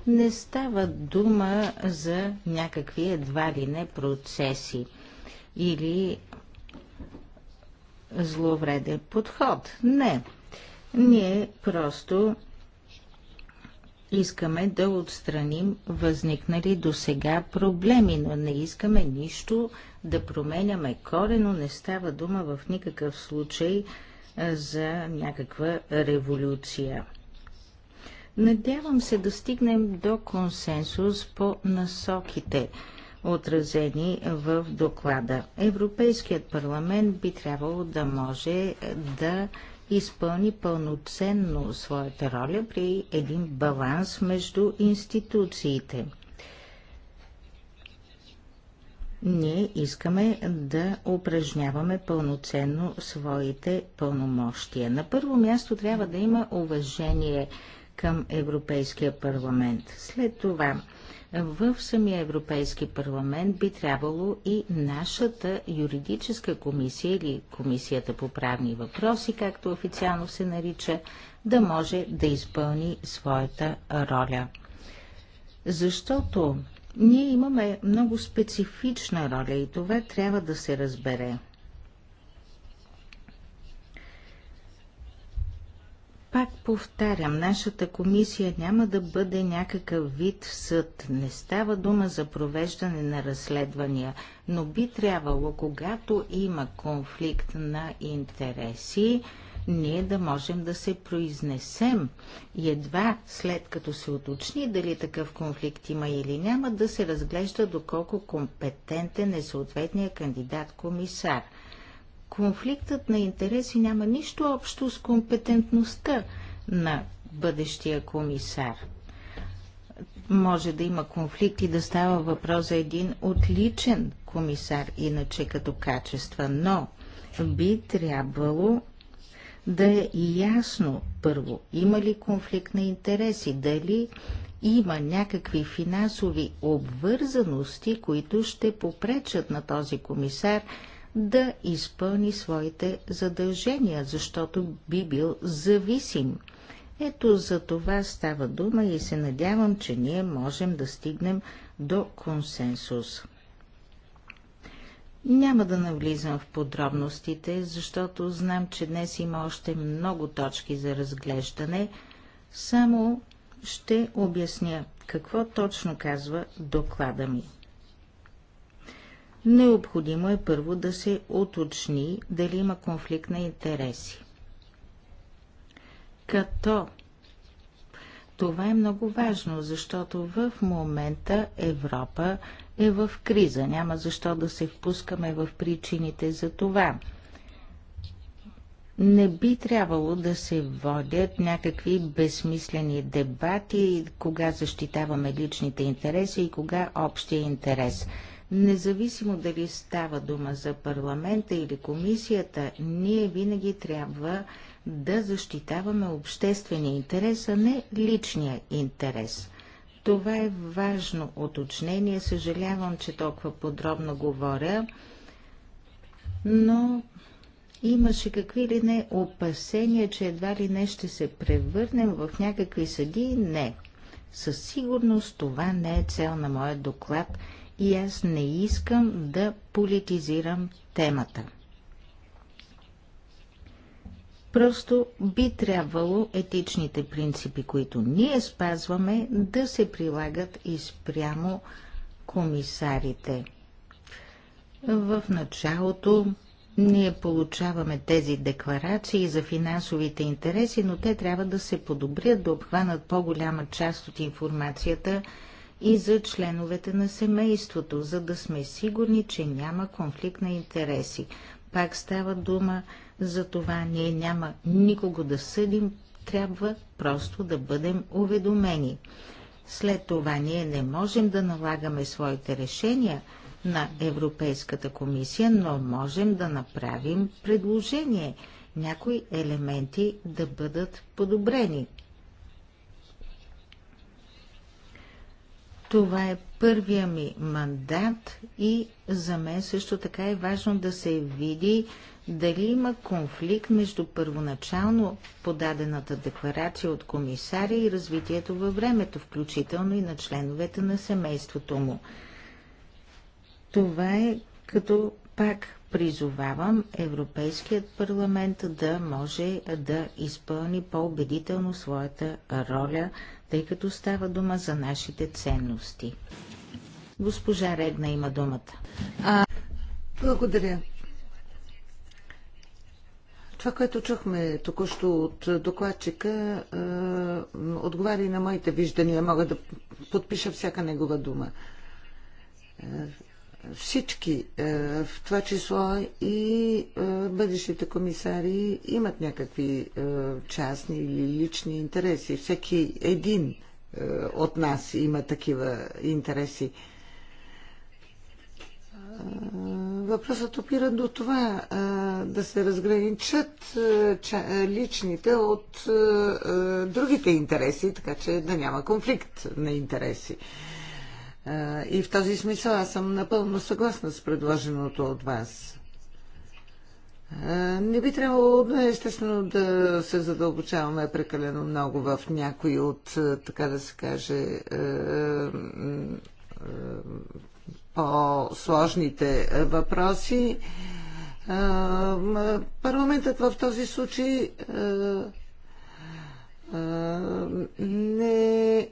Не става дума за някакви едва ли не процеси или зловреден подход. Не. Ние просто Искаме да отстраним възникнали до сега проблеми, но не искаме нищо да променяме корено. Не става дума в никакъв случай за някаква революция. Надявам се да стигнем до консенсус по насоките, отразени в доклада. Европейският парламент би трябвало да може да изпълни пълноценно своята роля при един баланс между институциите. Ние искаме да упражняваме пълноценно своите пълномощия. На първо място трябва да има уважение към Европейския парламент. След това в самия Европейски парламент би трябвало и нашата юридическа комисия или комисията по правни въпроси, както официално се нарича, да може да изпълни своята роля. Защото ние имаме много специфична роля и това трябва да се разбере. Пак повтарям, нашата комисия няма да бъде някакъв вид съд. Не става дума за провеждане на разследвания, но би трябвало, когато има конфликт на интереси, ние да можем да се произнесем и едва след като се уточни дали такъв конфликт има или няма, да се разглежда доколко компетентен е съответния кандидат-комисар – Конфликтът на интереси няма нищо общо с компетентността на бъдещия комисар. Може да има конфликт и да става въпрос за един отличен комисар, иначе като качества, но би трябвало да е ясно първо, има ли конфликт на интереси, дали има някакви финансови обвързаности, които ще попречат на този комисар да изпълни своите задължения, защото би бил зависим. Ето за това става дума и се надявам, че ние можем да стигнем до консенсус. Няма да навлизам в подробностите, защото знам, че днес има още много точки за разглеждане, само ще обясня какво точно казва доклада ми необходимо е първо да се уточни дали има конфликт на интереси. Като това е много важно, защото в момента Европа е в криза. Няма защо да се впускаме в причините за това. Не би трябвало да се водят някакви безсмислени дебати, кога защитаваме личните интереси и кога общия интерес. Независимо дали става дума за парламента или комисията, ние винаги трябва да защитаваме обществения интерес, а не личния интерес. Това е важно уточнение. Съжалявам, че толкова подробно говоря, но имаше какви ли не опасения, че едва ли не ще се превърнем в някакви съди. Не. Със сигурност това не е цел на моят доклад – и аз не искам да политизирам темата. Просто би трябвало етичните принципи, които ние спазваме, да се прилагат и спрямо комисарите. В началото ние получаваме тези декларации за финансовите интереси, но те трябва да се подобрят, да обхванат по-голяма част от информацията, и за членовете на семейството, за да сме сигурни, че няма конфликт на интереси. Пак става дума за това, ние няма никого да съдим, трябва просто да бъдем уведомени. След това ние не можем да налагаме своите решения на Европейската комисия, но можем да направим предложение някои елементи да бъдат подобрени. Това е първия ми мандат и за мен също така е важно да се види дали има конфликт между първоначално подадената декларация от комисаря и развитието във времето, включително и на членовете на семейството му. Това е като пак призовавам Европейският парламент да може да изпълни по-убедително своята роля – тъй като става дума за нашите ценности. Госпожа Редна има думата. А, благодаря. Това, което чухме току-що от докладчика, е, отговаря и на моите виждания. Мога да подпиша всяка негова дума всички, е, в това число и е, бъдещите комисари, имат някакви е, частни или лични интереси. Всеки един от нас има такива интереси. Въпросът опира до това да се разграничат личните от другите интереси, така че да няма конфликт на интереси. И в този смисъл аз съм напълно съгласна с предложеното от вас. Не би трябвало, естествено, да се задълбочаваме прекалено много в някои от, така да се каже, по-сложните въпроси. Парламентът в този случай не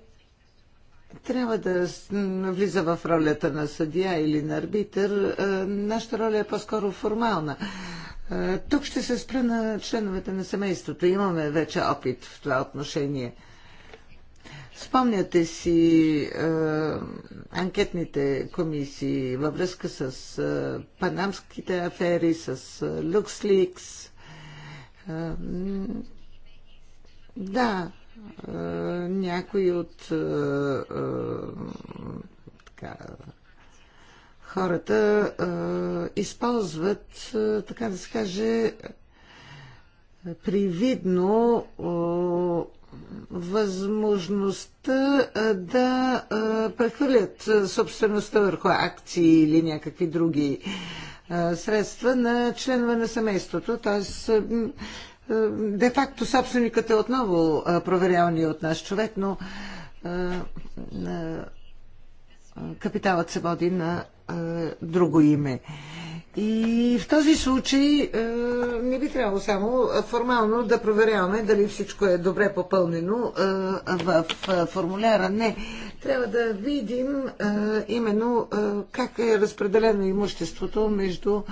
трябва да влиза в ролята на съдия или на арбитър. Е, нашата роля е по-скоро формална. Е, тук ще се спра на членовете на семейството. Имаме вече опит в това отношение. Спомняте си е, анкетните комисии във връзка с е, панамските афери, с е, LuxLeaks. Е, да, е, някои от е, е, така, хората използват, така да се каже, привидно възможността да прехвърлят собствеността върху акции или някакви други средства на членове на семейството. Т.е. Е, де-факто собственикът е отново е, проверявания от наш човек, но е, капиталът се води на друго име. И в този случай не би трябвало само формално да проверяваме дали всичко е добре попълнено в формуляра. Не. Трябва да видим именно как е разпределено имуществото между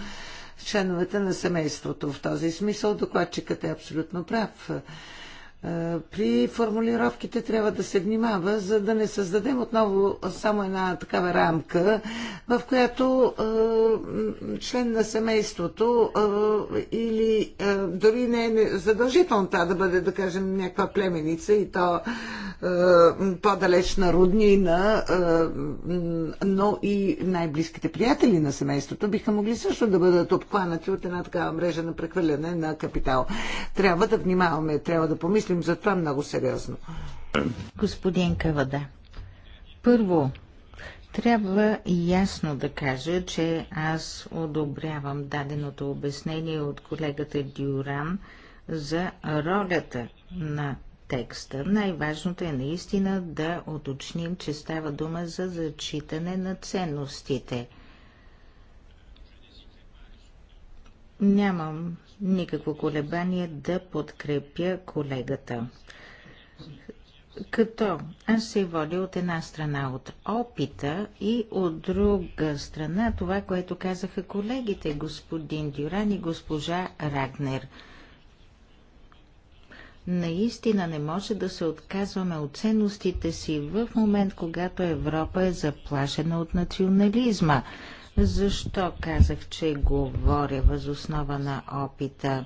членовете на семейството. В този смисъл докладчикът е абсолютно прав при формулировките трябва да се внимава, за да не създадем отново само една такава рамка, в която е, член на семейството е, или е, дори не е задължително това да бъде, да кажем, някаква племеница и то по-далечна роднина, но и най-близките приятели на семейството биха могли също да бъдат обхванати от една такава мрежа на прехвърляне на капитал. Трябва да внимаваме, трябва да помислим мислим за това много сериозно. Господин Кавада, първо, трябва ясно да кажа, че аз одобрявам даденото обяснение от колегата Дюран за ролята на текста. Най-важното е наистина да уточним, че става дума за зачитане на ценностите. Нямам никакво колебание да подкрепя колегата. Като аз се водя от една страна от опита и от друга страна това, което казаха колегите, господин Дюран и госпожа Рагнер. Наистина не може да се отказваме от ценностите си в момент, когато Европа е заплашена от национализма. Защо казах, че говоря възоснова на опита?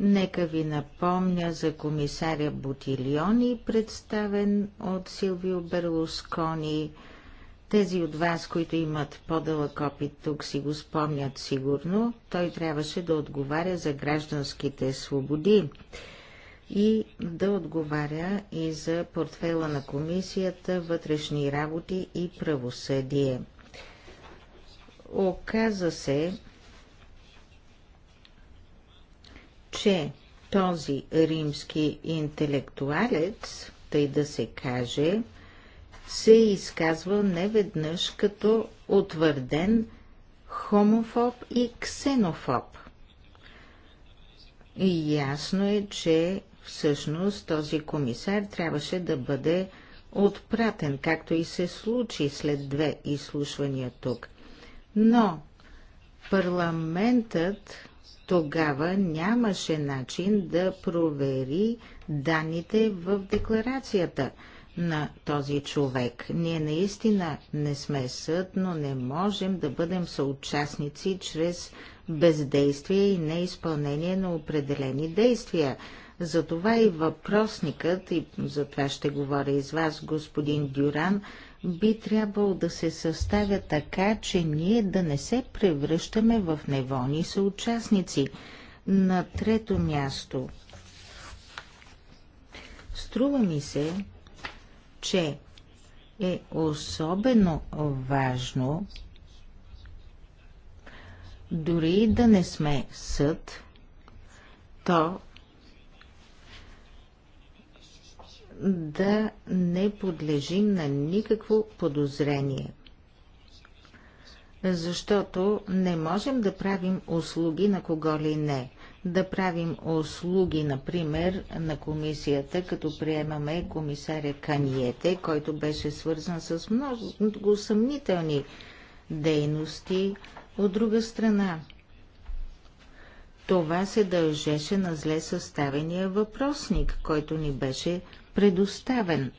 Нека ви напомня за комисаря Бутилиони, представен от Силвио Берлускони. Тези от вас, които имат по-дълъг опит тук, си го спомнят сигурно. Той трябваше да отговаря за гражданските свободи и да отговаря и за портфела на комисията вътрешни работи и правосъдие. Оказа се, че този римски интелектуалец, тъй да се каже, се е изказвал неведнъж като утвърден хомофоб и ксенофоб. И ясно е, че всъщност този комисар трябваше да бъде отпратен, както и се случи след две изслушвания тук. Но парламентът тогава нямаше начин да провери данните в декларацията на този човек. Ние наистина не сме съд, но не можем да бъдем съучастници чрез бездействие и неизпълнение на определени действия. Затова и въпросникът, и за това ще говоря и с вас, господин Дюран, би трябвало да се съставя така, че ние да не се превръщаме в неволни съучастници. На трето място. Струва ми се, че е особено важно, дори да не сме съд, то да не подлежим на никакво подозрение. Защото не можем да правим услуги на кого ли не. Да правим услуги, например, на комисията, като приемаме комисаря Каниете, който беше свързан с много съмнителни дейности. От друга страна, това се дължеше на зле съставения въпросник, който ни беше предоставен.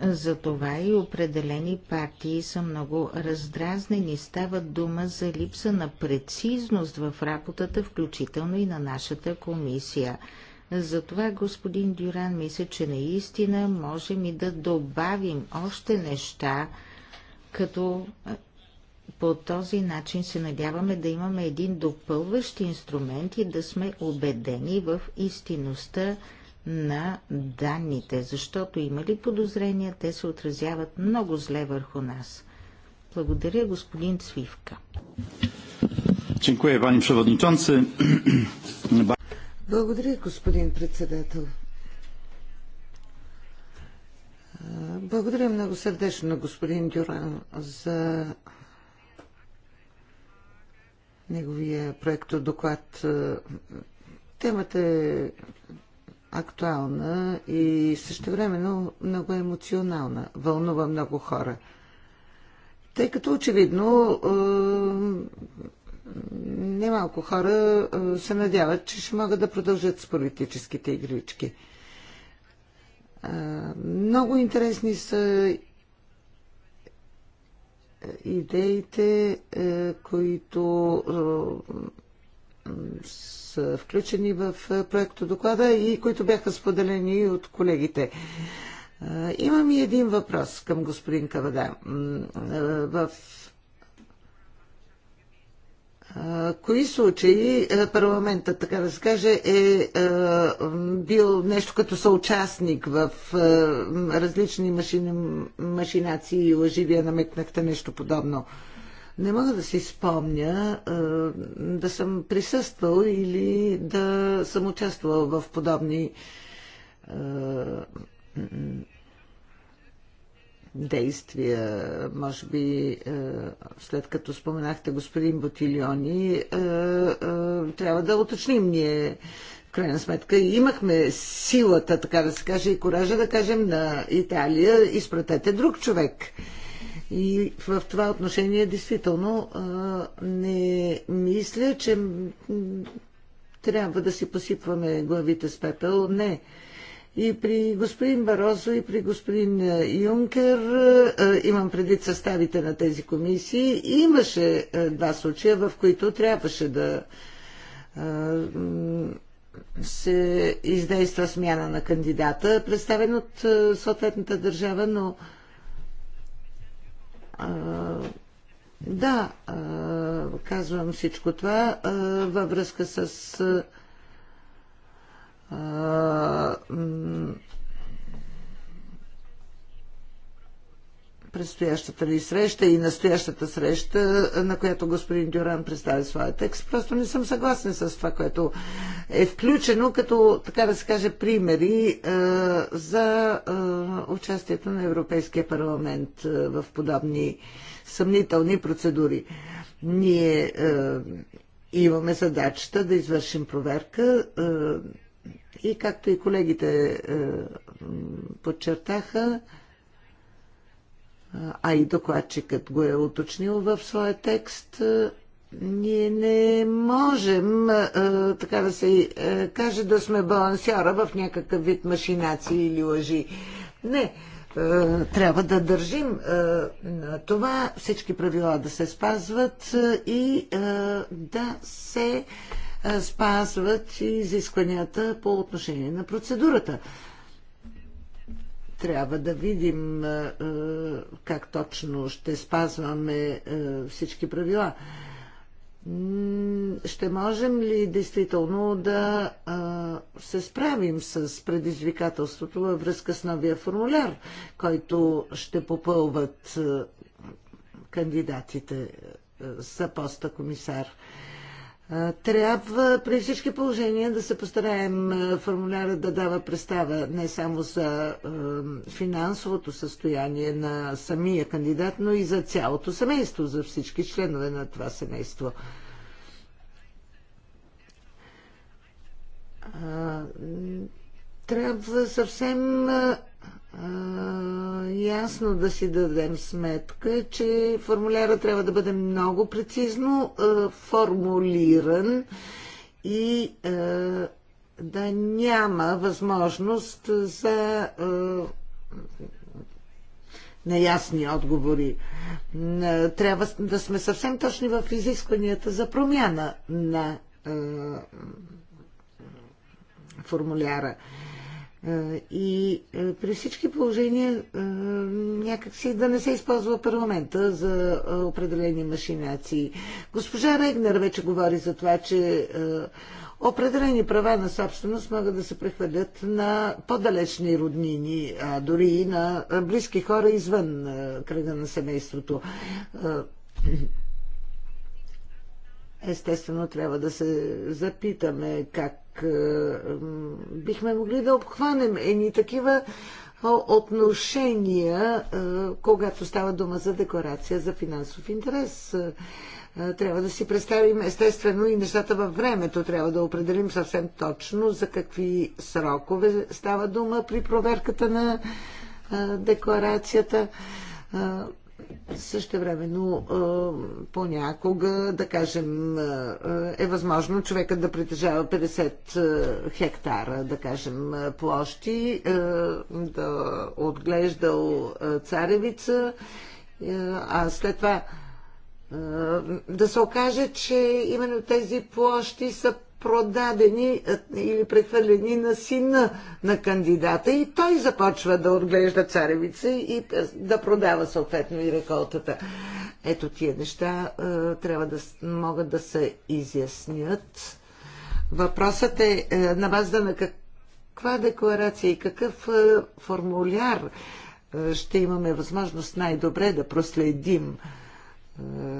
Затова и определени партии са много раздразнени. Става дума за липса на прецизност в работата, включително и на нашата комисия. Затова, господин Дюран, мисля, че наистина можем и да добавим още неща, като е, по този начин се надяваме да имаме един допълващ инструмент и да сме убедени в истинността на данните, защото има ли подозрения, те се отразяват много зле върху нас. Благодаря, господин Цвивка. Благодаря, господин председател. Благодаря много сърдечно на господин Дюран за неговия проект доклад. Темата е актуална и същевременно много емоционална. Вълнува много хора. Тъй като очевидно е, немалко хора е, се надяват, че ще могат да продължат с политическите игрички. Е, много интересни са идеите, които са включени в е, проекто доклада и които бяха споделени от колегите. Имам и един въпрос към господин Кавада. В кои случаи е, парламентът, така да се каже, е, е бил нещо като съучастник в различни машини, машинации и лъжи? Вие намекнахте нещо подобно. Не мога да си спомня да съм присъствал или да съм участвал в подобни действия. Може би, след като споменахте господин Ботилиони, трябва да уточним ние в крайна сметка имахме силата, така да се каже, и коража да кажем на Италия, изпратете друг човек. И в това отношение, действително, не мисля, че трябва да си посипваме главите с пепел. Не. И при господин Барозо, и при господин Юнкер, имам предвид съставите на тези комисии, имаше два случая, в които трябваше да се издейства смяна на кандидата, представен от съответната държава, но да, казвам всичко това във връзка с предстоящата ни среща и настоящата среща, на която господин Дюран представи своя текст. Просто не съм съгласен с това, което е включено като, така да се каже, примери е, за е, участието на Европейския парламент е, в подобни съмнителни процедури. Ние е, имаме задачата да извършим проверка е, и както и колегите е, подчертаха, а и докладчикът го е уточнил в своя текст, ние не можем, така да се каже, да сме балансяра в някакъв вид машинации или лъжи. Не, трябва да държим на това всички правила да се спазват и да се спазват изискванията по отношение на процедурата трябва да видим как точно ще спазваме всички правила. Ще можем ли действително да се справим с предизвикателството във връзка с новия формуляр, който ще попълват кандидатите за поста комисар? Трябва при всички положения да се постараем формуляра да дава представа не само за финансовото състояние на самия кандидат, но и за цялото семейство, за всички членове на това семейство. Трябва съвсем ясно да си дадем сметка, че формуляра трябва да бъде много прецизно формулиран и да няма възможност за неясни отговори. Трябва да сме съвсем точни в изискванията за промяна на формуляра. Е, и е, при всички положения е, някакси да не се използва парламента за определени машинации. Госпожа Регнер вече говори за това, че определени права на собственост могат да се прехвърлят на по-далечни роднини, а дори и на близки хора извън кръга на семейството. Естествено, трябва да се запитаме как е, бихме могли да обхванем едни такива отношения, е, когато става дума за декларация за финансов интерес. Е, трябва да си представим естествено и нещата във времето. Трябва да определим съвсем точно за какви срокове става дума при проверката на декларацията. Също времено е, понякога, да кажем, е, е възможно човекът да притежава 50 е, хектара, да кажем, площи, да отглеждал царевица, а след това да се окаже, че именно тези площи са продадени е, или прехвърлени на сина на кандидата и той започва да отглежда царевица и е, да продава съответно и реколтата. Ето тия неща е, трябва да могат да се изяснят. Въпросът е, е на база на каква декларация и какъв е, формуляр е, ще имаме възможност най-добре да проследим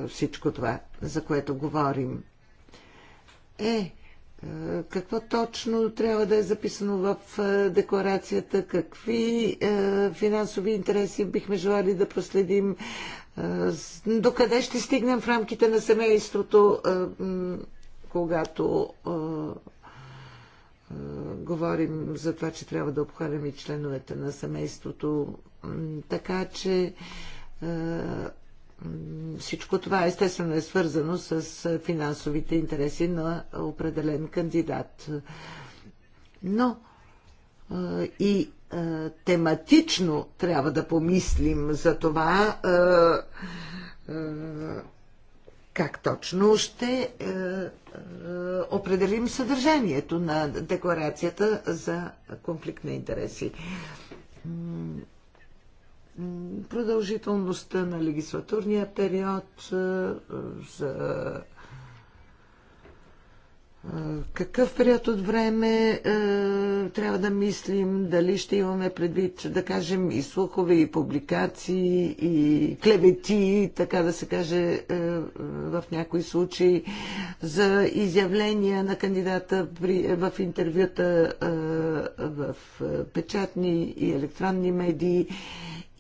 е, всичко това, за което говорим. Е, какво точно трябва да е записано в е, декларацията, какви е, финансови интереси бихме желали да проследим, е, докъде ще стигнем в рамките на семейството, когато говорим за това, че трябва да обхванем и членовете на семейството. Така че всичко това естествено е свързано с финансовите интереси на определен кандидат. Но и тематично трябва да помислим за това как точно ще определим съдържанието на декларацията за конфликт на интереси продължителността на легислатурния период, за какъв период от време трябва да мислим, дали ще имаме предвид, да кажем, и слухове, и публикации, и клевети, така да се каже в някои случаи, за изявления на кандидата в интервюта, в печатни и електронни медии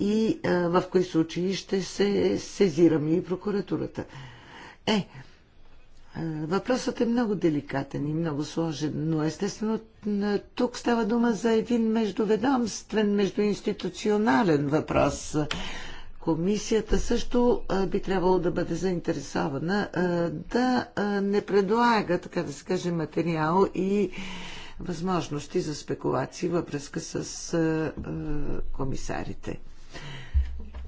и в кои случаи ще се сезираме и прокуратурата. Е, Въпросът е много деликатен и много сложен, но естествено тук става дума за един междуведомствен, междуинституционален въпрос. Комисията също би трябвало да бъде заинтересована да не предлага, така да се каже, материал и възможности за спекулации във връзка с комисарите.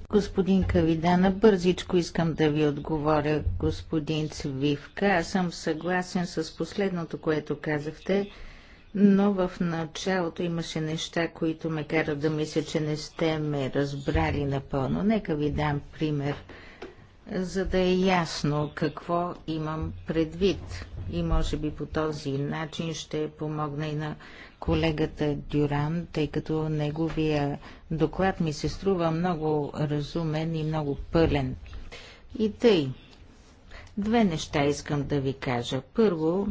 Господин Кавидана, бързичко искам да ви отговоря, господин Цвивка. Аз съм съгласен с последното, което казахте, но в началото имаше неща, които ме карат да мисля, че не сте ме разбрали напълно. Нека ви дам пример, за да е ясно какво имам предвид. И може би по този начин ще помогна и на колегата Дюран, тъй като неговия доклад ми се струва много разумен и много пълен. И тъй, две неща искам да ви кажа. Първо,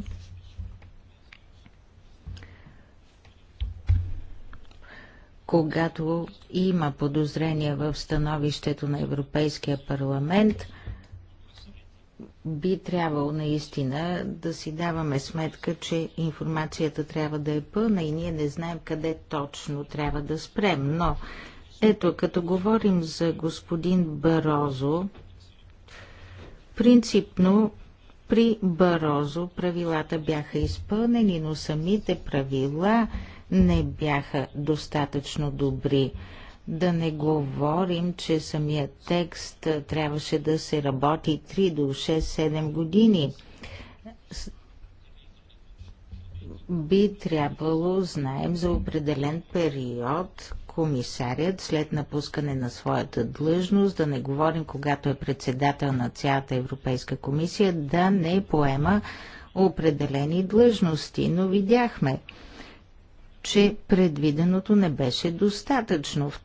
когато има подозрения в становището на Европейския парламент, би трябвало наистина да си даваме сметка, че информацията трябва да е пълна и ние не знаем къде точно трябва да спрем. Но ето, като говорим за господин Барозо, принципно при Барозо правилата бяха изпълнени, но самите правила не бяха достатъчно добри. Да не говорим, че самият текст трябваше да се работи 3 до 6-7 години. Би трябвало, знаем, за определен период комисарият след напускане на своята длъжност, да не говорим когато е председател на цялата Европейска комисия, да не поема определени длъжности. Но видяхме, че предвиденото не беше достатъчно. В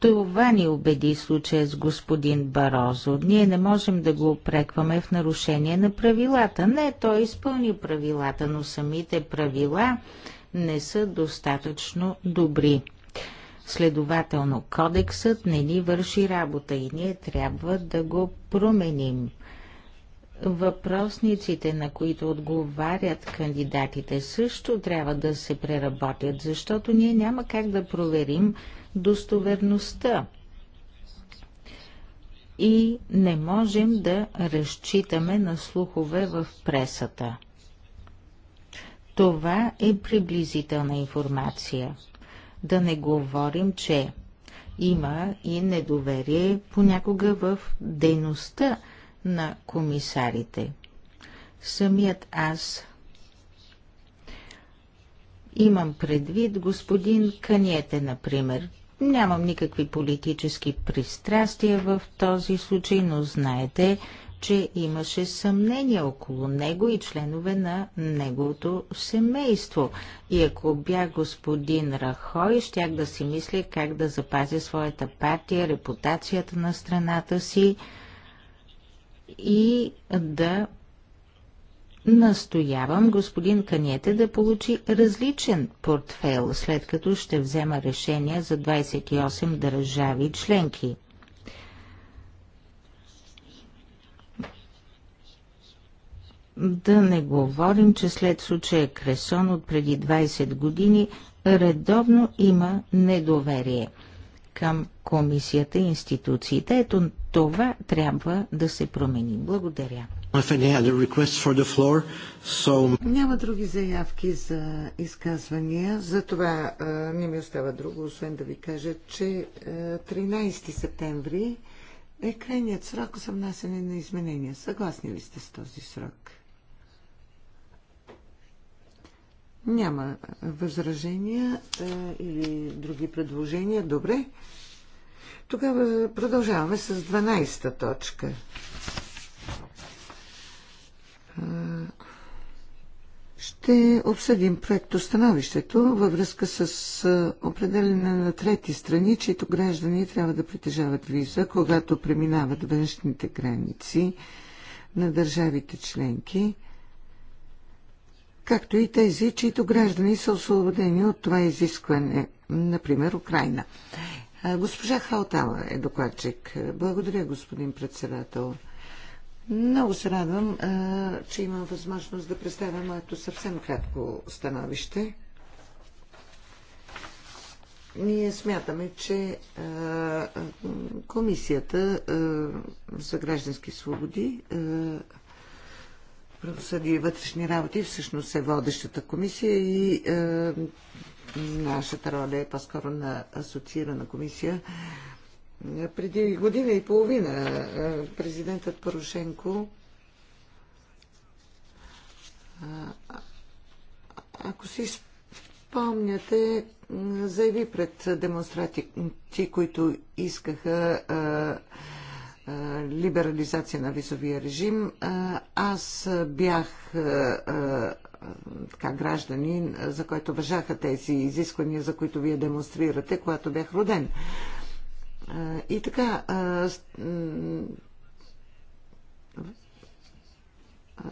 това ни убеди случая с господин Барозо. Ние не можем да го опрекваме в нарушение на правилата. Не, той изпълни правилата, но самите правила не са достатъчно добри. Следователно, кодексът не ни върши работа и ние трябва да го променим. Въпросниците, на които отговарят кандидатите, също трябва да се преработят, защото ние няма как да проверим достоверността. И не можем да разчитаме на слухове в пресата. Това е приблизителна информация. Да не говорим, че има и недоверие понякога в дейността на комисарите. Самият аз имам предвид господин Каниете, например. Нямам никакви политически пристрастия в този случай, но знаете, че имаше съмнение около него и членове на неговото семейство. И ако бях господин Рахой, щях да си мисля как да запази своята партия, репутацията на страната си и да Настоявам господин Каниете да получи различен портфел, след като ще взема решения за 28 държави членки. Да не говорим, че след случая Кресон от преди 20 години редовно има недоверие към комисията и институциите. Ето това трябва да се промени. Благодаря. Няма други заявки за изказвания, затова не ми остава друго, освен да ви кажа, че 13 септември е крайният срок за внасяне на изменения. Съгласни ли сте с този срок? Няма възражения или други предложения. Добре. Тогава продължаваме с 12-та точка. Ще обсъдим проектостановището във връзка с определене на трети страни, чието граждани трябва да притежават виза, когато преминават външните граници на държавите членки, както и тези, чието граждани са освободени от това изискване, например Украина. Госпожа Халтала е докладчик. Благодаря, господин председател. Много се радвам, че имам възможност да представя моето съвсем кратко становище. Ние смятаме, че Комисията за граждански свободи, правосъдие и вътрешни работи всъщност е водещата комисия и нашата роля е по-скоро на асоциирана комисия е, преди година и половина е, президентът Порошенко е, ако си спомняте, заяви пред демонстрати, които искаха а, а, либерализация на визовия режим. А, аз бях а, така, гражданин, за който въжаха тези изисквания, за които вие демонстрирате, когато бях роден. А, и така,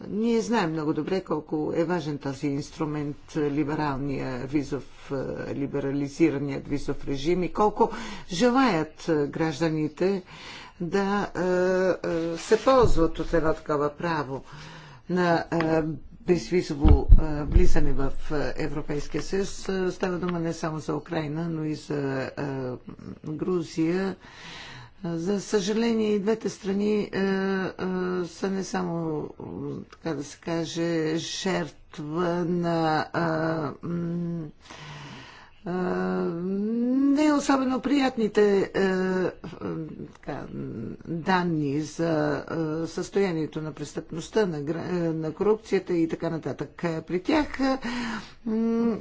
ние знаем много добре колко е важен този инструмент, либералния визов, либерализираният визов режим и колко желаят гражданите да се ползват от едно такова право на безвизово влизане в Европейския съюз. Става дума не само за Украина, но и за Грузия. За съжаление, и двете страни са не само, така да се каже, жертва на не е особено приятните е, е, данни за състоянието на престъпността, на, на корупцията и така нататък. При тях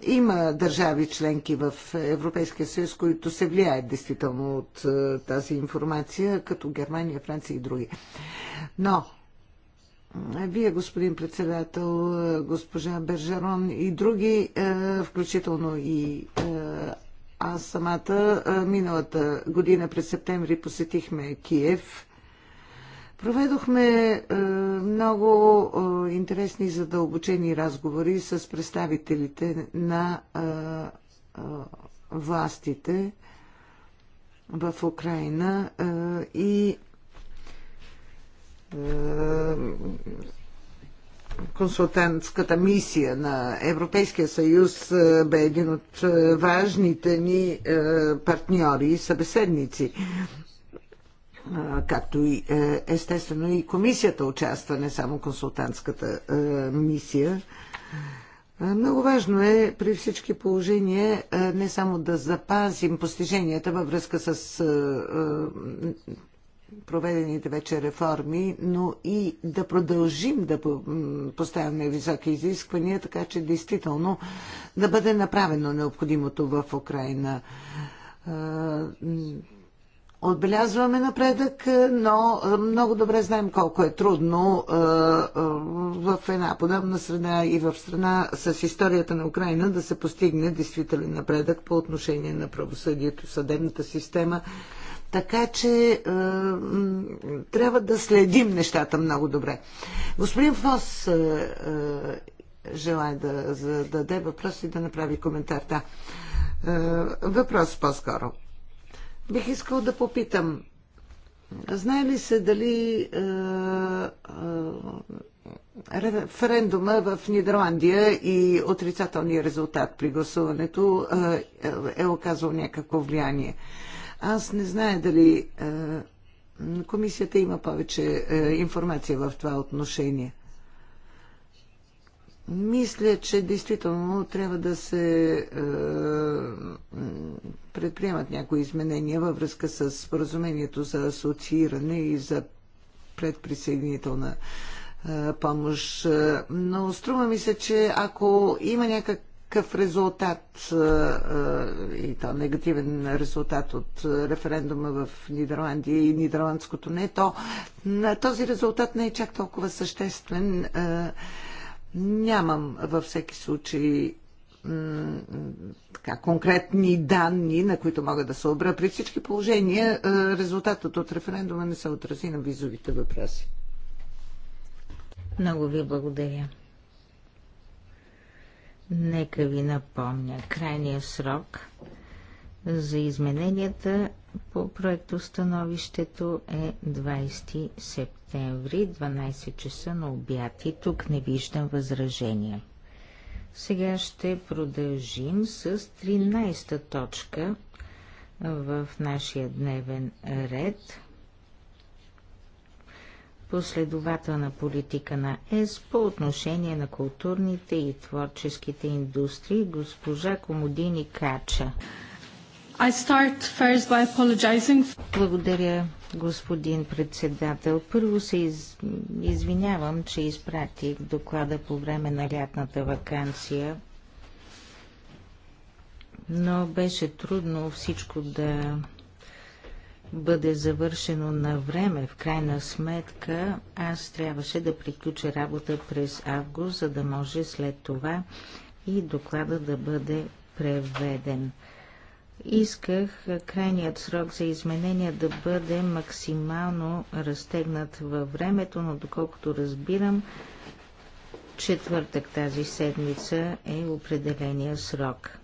има държави членки в Европейския съюз, които се влияят действително от тази информация, като Германия, Франция и други. Но вие, господин председател, госпожа Бержерон и други, е, включително и е, аз самата, е, миналата година през септември посетихме Киев. Проведохме много интересни и задълбочени разговори с представителите на властите в Украина и е, консултантската мисия на Европейския съюз е, бе един от е, важните ни партньори и събеседници. Както и естествено и комисията участва, не само консултантската мисия. Много важно е при всички положения не само да запазим постиженията във връзка с проведените вече реформи, но и да продължим да поставяме високи изисквания, така че действително да бъде направено необходимото в Украина. Отбелязваме напредък, но много добре знаем колко е трудно в една подобна страна и в страна с историята на Украина да се постигне действителен напредък по отношение на правосъдието, съдебната система, така че е, трябва да следим нещата много добре. Господин Фос е, е, желая да зададе въпрос и да направи коментар. Да. Е, въпрос по-скоро. Бих искал да попитам. Знае ли се дали е, е, референдума в Нидерландия и отрицателният резултат при гласуването е, е, е оказал някакво влияние? Е, аз не знае дали е, комисията има повече е, информация в това отношение. Мисля, че действително трябва да се е, предприемат някои изменения във връзка с споразумението за асоцииране и за предприсъединителна помощ. Но струва ми се, че ако има някак какъв резултат и то негативен резултат от референдума в Нидерландия и нидерландското не, то този резултат не е чак толкова съществен. Нямам във всеки случай така, конкретни данни, на които мога да се обра. При всички положения резултатът от референдума не се отрази на визовите въпроси. Много ви благодаря. Нека ви напомня крайния срок за измененията по проекто становището е 20 септември, 12 часа на обяд и тук не виждам възражения. Сега ще продължим с 13-та точка в нашия дневен ред – последователна политика на ЕС по отношение на културните и творческите индустрии, госпожа Комодини Кача. I start first by apologizing. Благодаря, господин председател. Първо се из... извинявам, че изпратих доклада по време на лятната вакансия, но беше трудно всичко да бъде завършено на време. В крайна сметка аз трябваше да приключа работа през август, за да може след това и доклада да бъде преведен. Исках крайният срок за изменения да бъде максимално разтегнат във времето, но доколкото разбирам, четвъртък тази седмица е определения срок.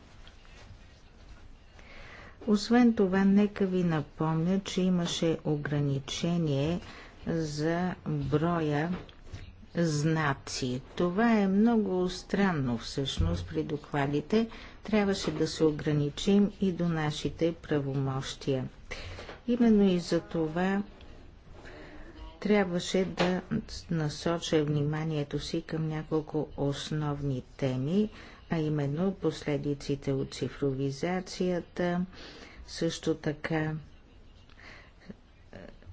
Освен това, нека ви напомня, че имаше ограничение за броя знаци. Това е много странно всъщност при докладите. Трябваше да се ограничим и до нашите правомощия. Именно и за това трябваше да насоча вниманието си към няколко основни теми а именно последиците от цифровизацията, също така е,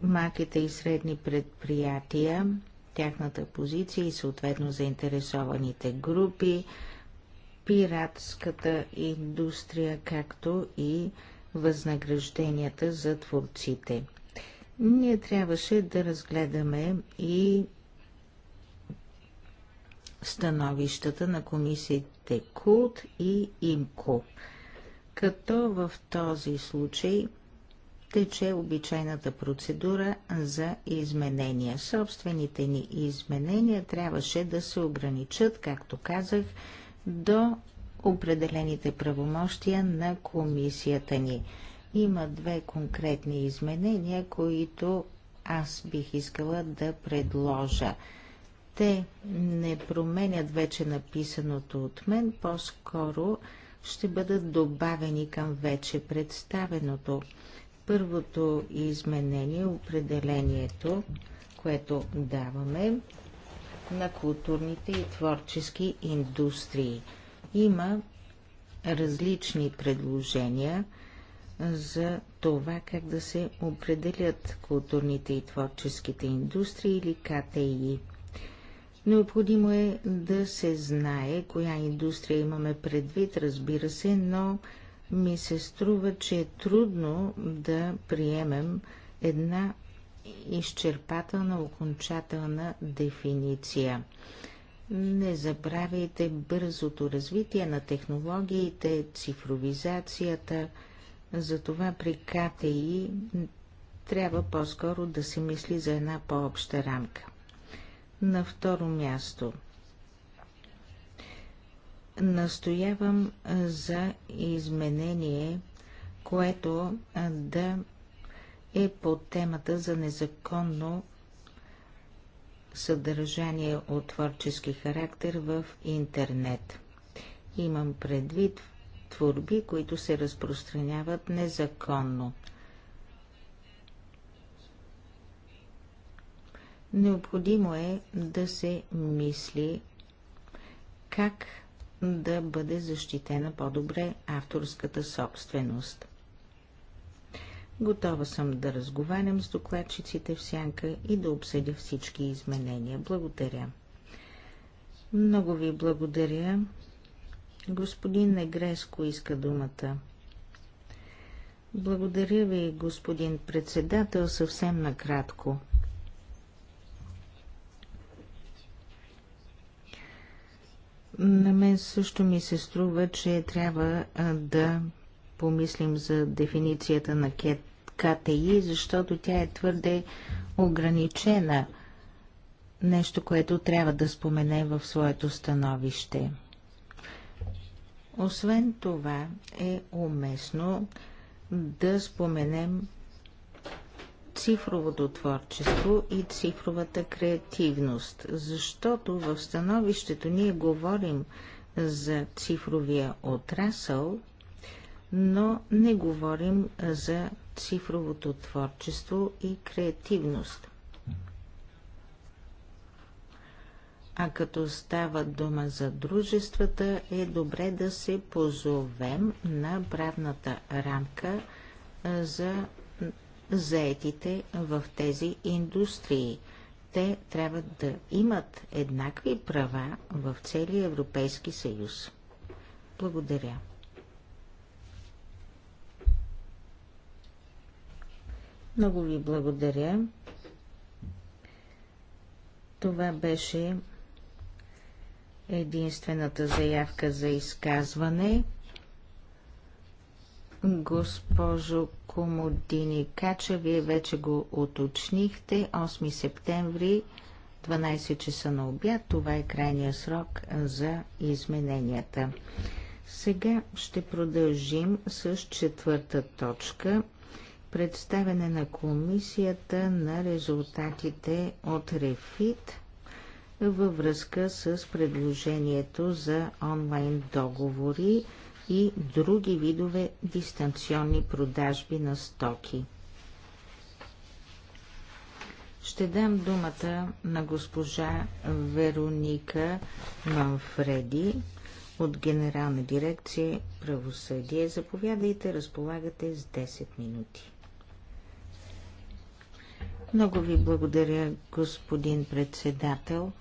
малките и средни предприятия, тяхната позиция и съответно заинтересованите групи, пиратската индустрия, както и възнагражденията за творците. Ние трябваше да разгледаме и становищата на комисиите КУЛТ и ИМКО, като в този случай тече обичайната процедура за изменения. Собствените ни изменения трябваше да се ограничат, както казах, до определените правомощия на комисията ни. Има две конкретни изменения, които аз бих искала да предложа те не променят вече написаното от мен, по-скоро ще бъдат добавени към вече представеното. Първото изменение, определението, което даваме на културните и творчески индустрии. Има различни предложения за това как да се определят културните и творческите индустрии или КТИ. Необходимо е да се знае коя индустрия имаме предвид, разбира се, но ми се струва, че е трудно да приемем една изчерпателна, окончателна дефиниция. Не забравяйте бързото развитие на технологиите, цифровизацията. Затова при КТИ трябва по-скоро да се мисли за една по-обща рамка. На второ място настоявам за изменение, което да е по темата за незаконно съдържание от творчески характер в интернет. Имам предвид творби, които се разпространяват незаконно. Необходимо е да се мисли как да бъде защитена по-добре авторската собственост. Готова съм да разговарям с докладчиците в сянка и да обсъдя всички изменения. Благодаря. Много ви благодаря. Господин Негреско иска думата. Благодаря ви, господин председател, съвсем накратко. На мен също ми се струва, че трябва да помислим за дефиницията на КТИ, защото тя е твърде ограничена. Нещо, което трябва да спомене в своето становище. Освен това е уместно да споменем цифровото творчество и цифровата креативност, защото в становището ние говорим за цифровия отрасъл, но не говорим за цифровото творчество и креативност. А като става дума за дружествата, е добре да се позовем на правната рамка за заетите в тези индустрии. Те трябва да имат еднакви права в целия Европейски съюз. Благодаря. Много ви благодаря. Това беше единствената заявка за изказване. Госпожо Комодини Кача, вие вече го уточнихте. 8 септември, 12 часа на обяд. Това е крайния срок за измененията. Сега ще продължим с четвърта точка представяне на комисията на резултатите от Рефит във връзка с предложението за онлайн договори и други видове дистанционни продажби на стоки. Ще дам думата на госпожа Вероника Манфреди от Генерална дирекция Правосъдие. Заповядайте, разполагате с 10 минути. Много ви благодаря, господин председател.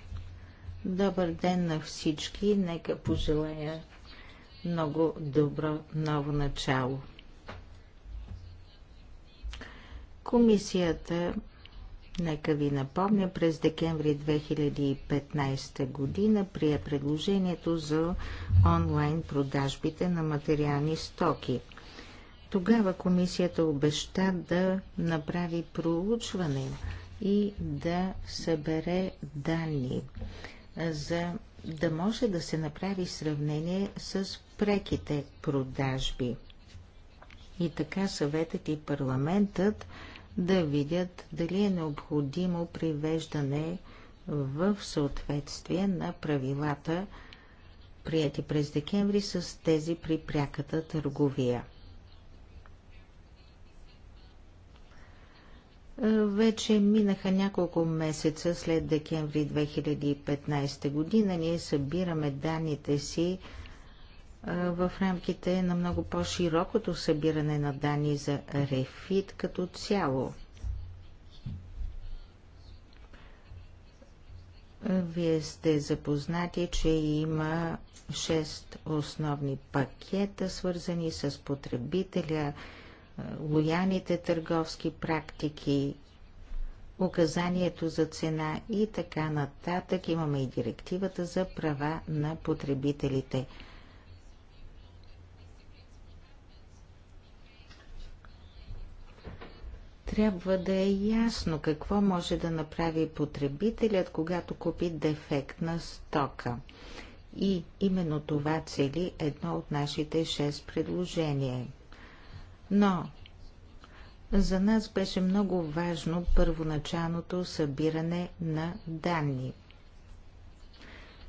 Добър ден на всички. Нека пожелая много добро ново начало. Комисията, нека ви напомня, през декември 2015 година прие предложението за онлайн продажбите на материални стоки. Тогава комисията обеща да направи проучване и да събере данни за да може да се направи сравнение с преките продажби. И така съветът и парламентът да видят дали е необходимо привеждане в съответствие на правилата, прияти през декември с тези при пряката търговия. Вече минаха няколко месеца след декември 2015 година. Ние събираме данните си в рамките на много по-широкото събиране на данни за Рефит като цяло. Вие сте запознати, че има 6 основни пакета, свързани с потребителя, лоялните търговски практики, указанието за цена и така нататък. Имаме и директивата за права на потребителите. Трябва да е ясно какво може да направи потребителят, когато купи дефектна стока. И именно това цели едно от нашите шест предложения – но за нас беше много важно първоначалното събиране на данни.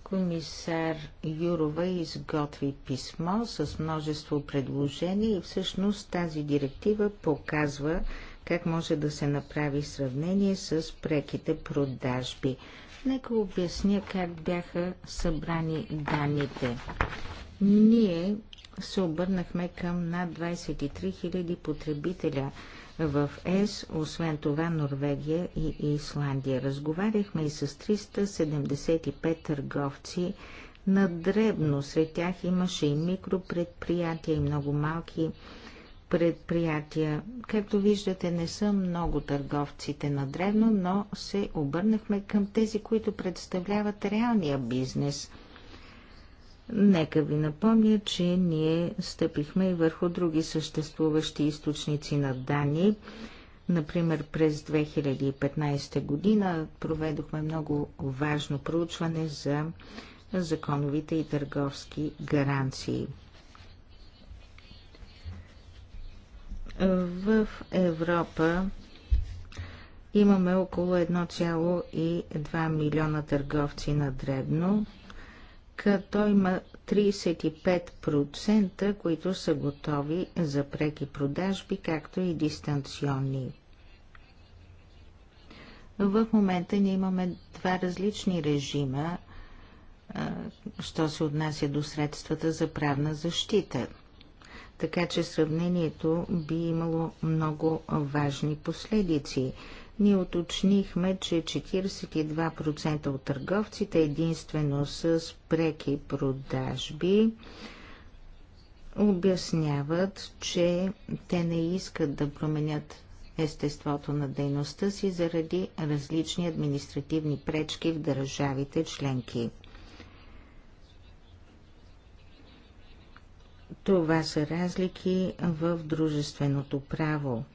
Комисар Юрова изготви писмо с множество предложения и всъщност тази директива показва как може да се направи сравнение с преките продажби. Нека обясня как бяха събрани данните. Ние се обърнахме към над 23 000 потребителя в ЕС, освен това Норвегия и Исландия. Разговаряхме и с 375 търговци на дребно. Сред тях имаше и микропредприятия, и много малки предприятия. Както виждате, не са много търговците на древно, но се обърнахме към тези, които представляват реалния бизнес – Нека ви напомня, че ние стъпихме и върху други съществуващи източници на данни. Например, през 2015 година проведохме много важно проучване за законовите и търговски гаранции. В Европа имаме около 1,2 милиона търговци на дребно, като има 35%, които са готови за преки продажби, както и дистанционни. В момента ние имаме два различни режима, що се отнася до средствата за правна защита. Така че сравнението би имало много важни последици ние уточнихме, че 42% от търговците единствено с преки продажби обясняват, че те не искат да променят естеството на дейността си заради различни административни пречки в държавите членки. Това са разлики в дружественото право –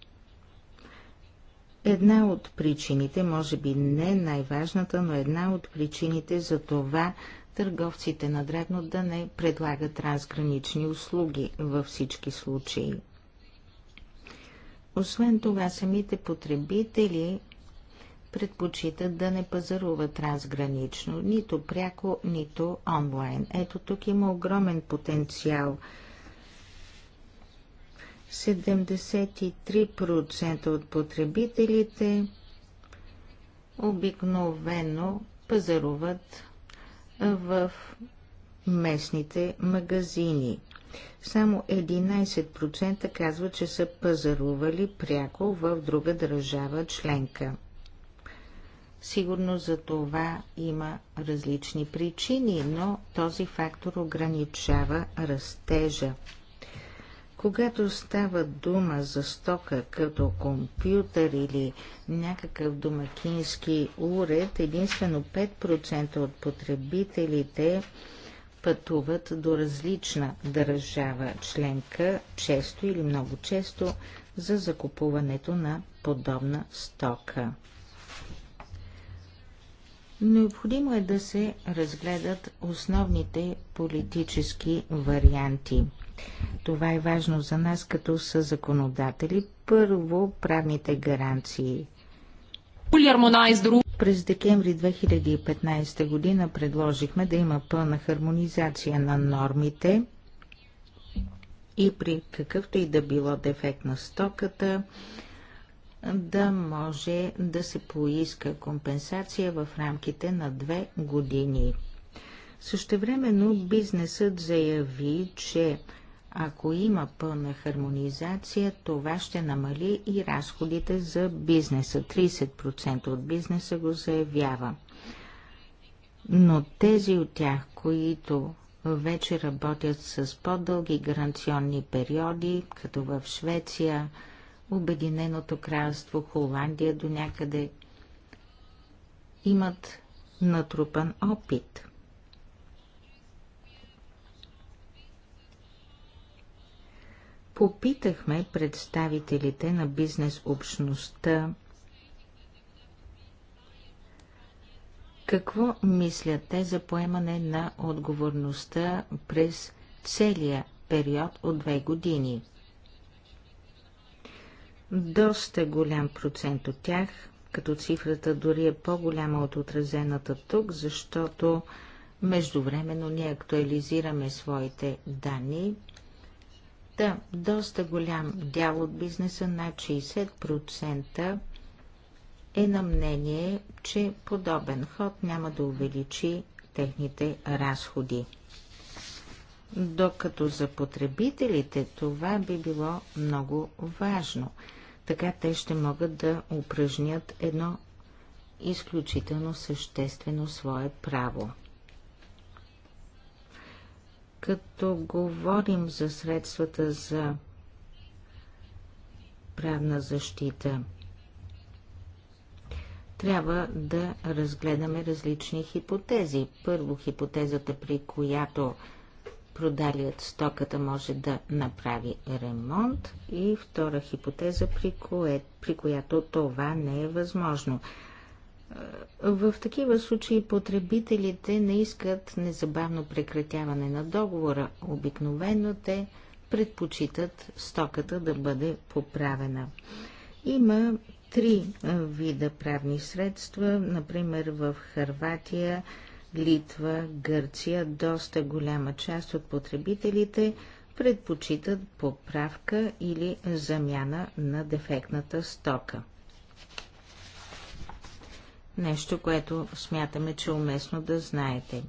Една от причините, може би не най-важната, но една от причините за това търговците на дребно да не предлагат трансгранични услуги във всички случаи. Освен това, самите потребители предпочитат да не пазаруват трансгранично, нито пряко, нито онлайн. Ето тук има огромен потенциал – 73% от потребителите обикновено пазаруват в местните магазини. Само 11% казват, че са пазарували пряко в друга държава членка. Сигурно за това има различни причини, но този фактор ограничава растежа. Когато става дума за стока като компютър или някакъв домакински уред, единствено 5% от потребителите пътуват до различна държава членка, често или много често, за закупуването на подобна стока. Необходимо е да се разгледат основните политически варианти – това е важно за нас като са законодатели. Първо, правните гаранции. През декември 2015 година предложихме да има пълна хармонизация на нормите и при какъвто и да било дефект на стоката, да може да се поиска компенсация в рамките на две години. Същевременно бизнесът заяви, че ако има пълна хармонизация, това ще намали и разходите за бизнеса. 30% от бизнеса го заявява. Но тези от тях, които вече работят с по-дълги гаранционни периоди, като в Швеция, Обединеното кралство, Холандия до някъде, имат натрупан опит. Попитахме представителите на бизнес общността какво мислят те за поемане на отговорността през целия период от две години. Доста голям процент от тях, като цифрата дори е по-голяма от отразената тук, защото междувременно ние актуализираме своите данни Та, доста голям дял от бизнеса, над 60%, е на мнение, че подобен ход няма да увеличи техните разходи. Докато за потребителите това би било много важно. Така те ще могат да упражнят едно изключително съществено свое право. Като говорим за средствата за правна защита, трябва да разгледаме различни хипотези. Първо хипотезата, при която продалият стоката може да направи ремонт и втора хипотеза, при, кое, при която това не е възможно. В такива случаи потребителите не искат незабавно прекратяване на договора. Обикновено те предпочитат стоката да бъде поправена. Има три вида правни средства, например в Харватия, Литва, Гърция, доста голяма част от потребителите предпочитат поправка или замяна на дефектната стока. Нещо, което смятаме, че е уместно да знаете.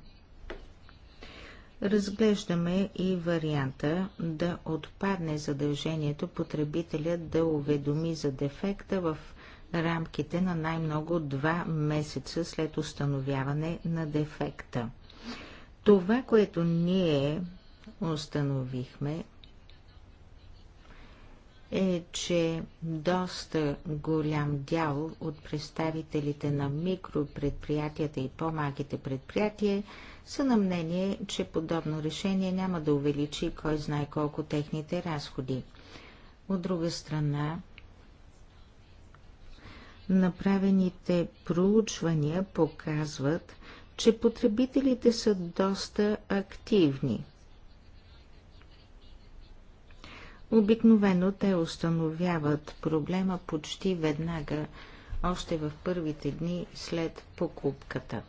Разглеждаме и варианта да отпадне задължението потребителя да уведоми за дефекта в рамките на най-много два месеца след установяване на дефекта. Това, което ние установихме е, че доста голям дял от представителите на микропредприятията и по-малките предприятия са на мнение, че подобно решение няма да увеличи кой знае колко техните разходи. От друга страна, направените проучвания показват, че потребителите са доста активни – Обикновено те установяват проблема почти веднага, още в първите дни след покупката.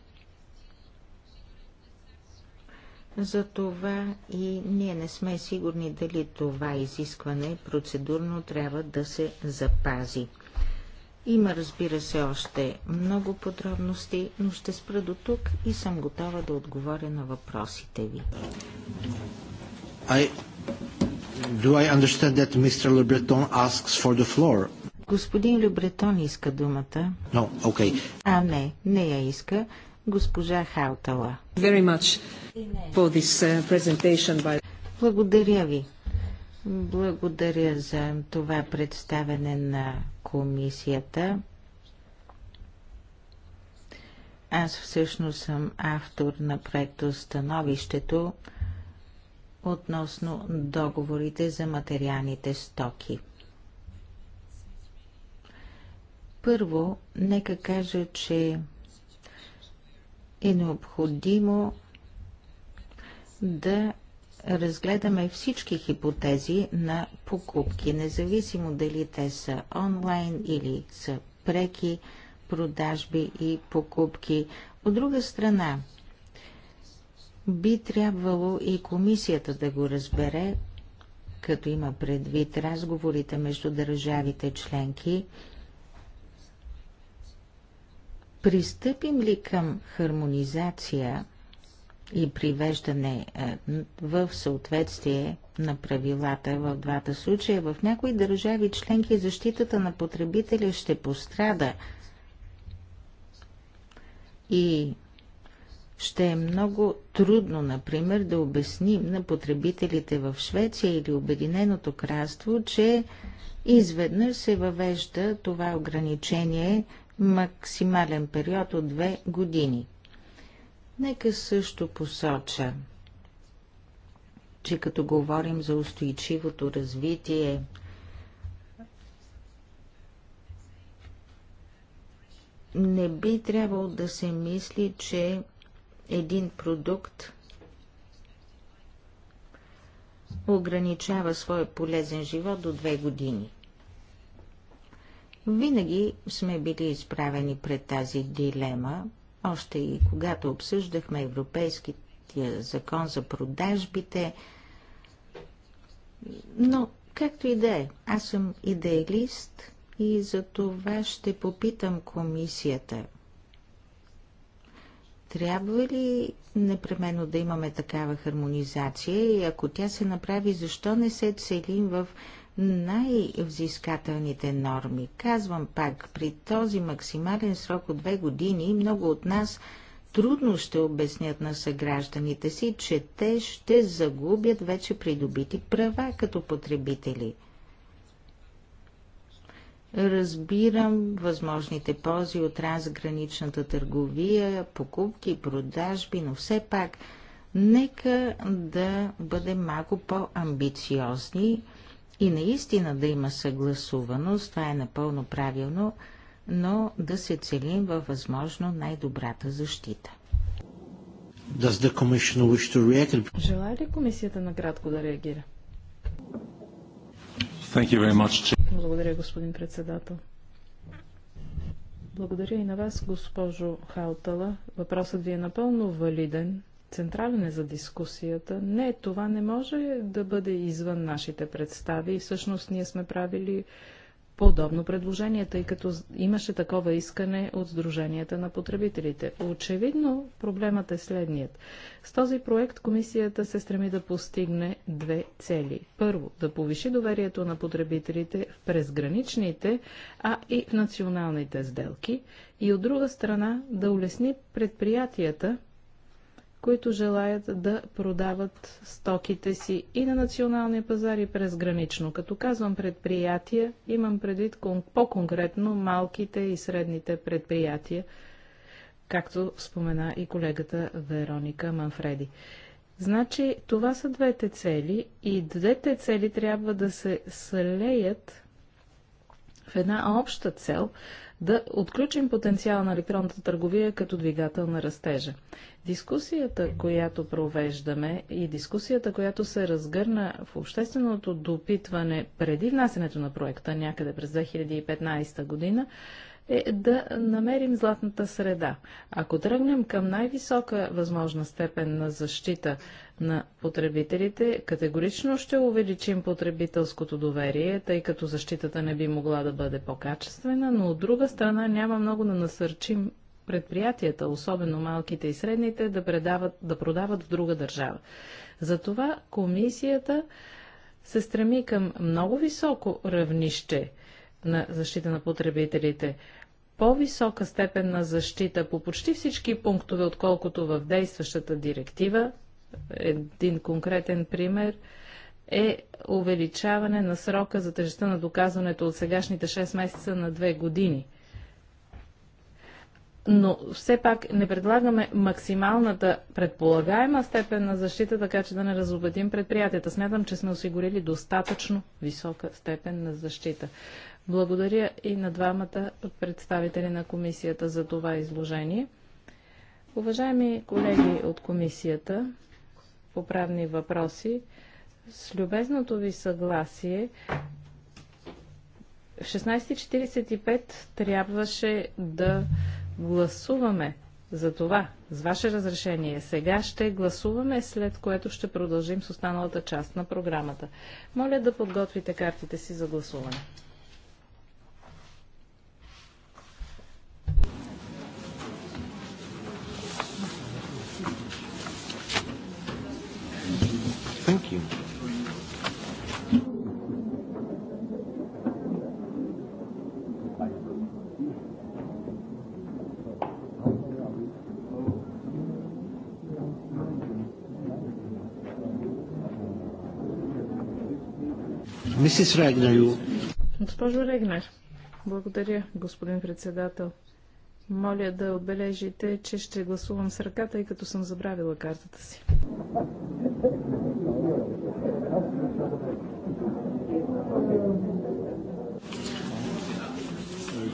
Затова и ние не сме сигурни дали това изискване процедурно трябва да се запази. Има, разбира се, още много подробности, но ще спра до тук и съм готова да отговоря на въпросите ви. I Do I understand that Mr. Le Breton asks for the floor? Господин Любретон иска думата. No, okay. А, не, не я иска. Госпожа Хаутала. Very much for this uh, presentation by... Благодаря ви. Благодаря за това представене на комисията. Аз всъщност съм автор на проекто Становището относно договорите за материалните стоки. Първо, нека кажа, че е необходимо да разгледаме всички хипотези на покупки, независимо дали те са онлайн или са преки продажби и покупки. От друга страна, би трябвало и комисията да го разбере, като има предвид разговорите между държавите членки. Пристъпим ли към хармонизация и привеждане е, в съответствие на правилата в двата случая, в някои държави членки защитата на потребителя ще пострада. И ще е много трудно, например, да обясним на потребителите в Швеция или Обединеното кралство, че изведнъж се въвежда това ограничение максимален период от две години. Нека също посоча, че като говорим за устойчивото развитие, не би трябвало да се мисли, че един продукт ограничава своя полезен живот до две години. Винаги сме били изправени пред тази дилема, още и когато обсъждахме европейския закон за продажбите, но както и да е, аз съм идеалист и за това ще попитам комисията – трябва ли непременно да имаме такава хармонизация и ако тя се направи, защо не се целим в най-взискателните норми? Казвам пак, при този максимален срок от две години много от нас трудно ще обяснят на съгражданите си, че те ще загубят вече придобити права като потребители – Разбирам възможните ползи от трансграничната търговия, покупки, продажби, но все пак нека да бъдем малко по-амбициозни и наистина да има съгласуваност, това е напълно правилно, но да се целим във възможно най-добрата защита. Желая ли комисията накратко да реагира? Thank you very much. Благодаря, господин председател. Благодаря и на вас, госпожо Халтала. Въпросът ви е напълно валиден, централен е за дискусията. Не, това не може да бъде извън нашите представи. Всъщност ние сме правили подобно предложение, тъй като имаше такова искане от Сдруженията на потребителите. Очевидно проблемът е следният. С този проект комисията се стреми да постигне две цели. Първо, да повиши доверието на потребителите в презграничните, а и в националните сделки. И от друга страна, да улесни предприятията които желаят да продават стоките си и на националния пазар и гранично. Като казвам предприятия, имам предвид по-конкретно малките и средните предприятия, както спомена и колегата Вероника Манфреди. Значи, това са двете цели и двете цели трябва да се слеят в една обща цел – да отключим потенциала на електронната търговия като двигател на растежа. Дискусията, която провеждаме и дискусията, която се разгърна в общественото допитване преди внасянето на проекта някъде през 2015 година, е да намерим златната среда. Ако тръгнем към най-висока възможна степен на защита на потребителите. Категорично ще увеличим потребителското доверие, тъй като защитата не би могла да бъде по-качествена, но от друга страна няма много да насърчим предприятията, особено малките и средните, да, предават, да продават в друга държава. Затова комисията се стреми към много високо равнище на защита на потребителите, по-висока степен на защита по почти всички пунктове, отколкото в действащата директива, един конкретен пример е увеличаване на срока за тежестта на доказването от сегашните 6 месеца на 2 години. Но все пак не предлагаме максималната предполагаема степен на защита, така че да не разобедим предприятията. Смятам, че сме осигурили достатъчно висока степен на защита. Благодаря и на двамата представители на комисията за това изложение. Уважаеми колеги от комисията, по правни въпроси, с любезното ви съгласие, в 16.45 трябваше да гласуваме за това, с ваше разрешение. Сега ще гласуваме, след което ще продължим с останалата част на програмата. Моля да подготвите картите си за гласуване. Мисис Госпожо Регнер, благодаря, господин председател. Моля да отбележите, че ще гласувам с ръката, и като съм забравила картата си.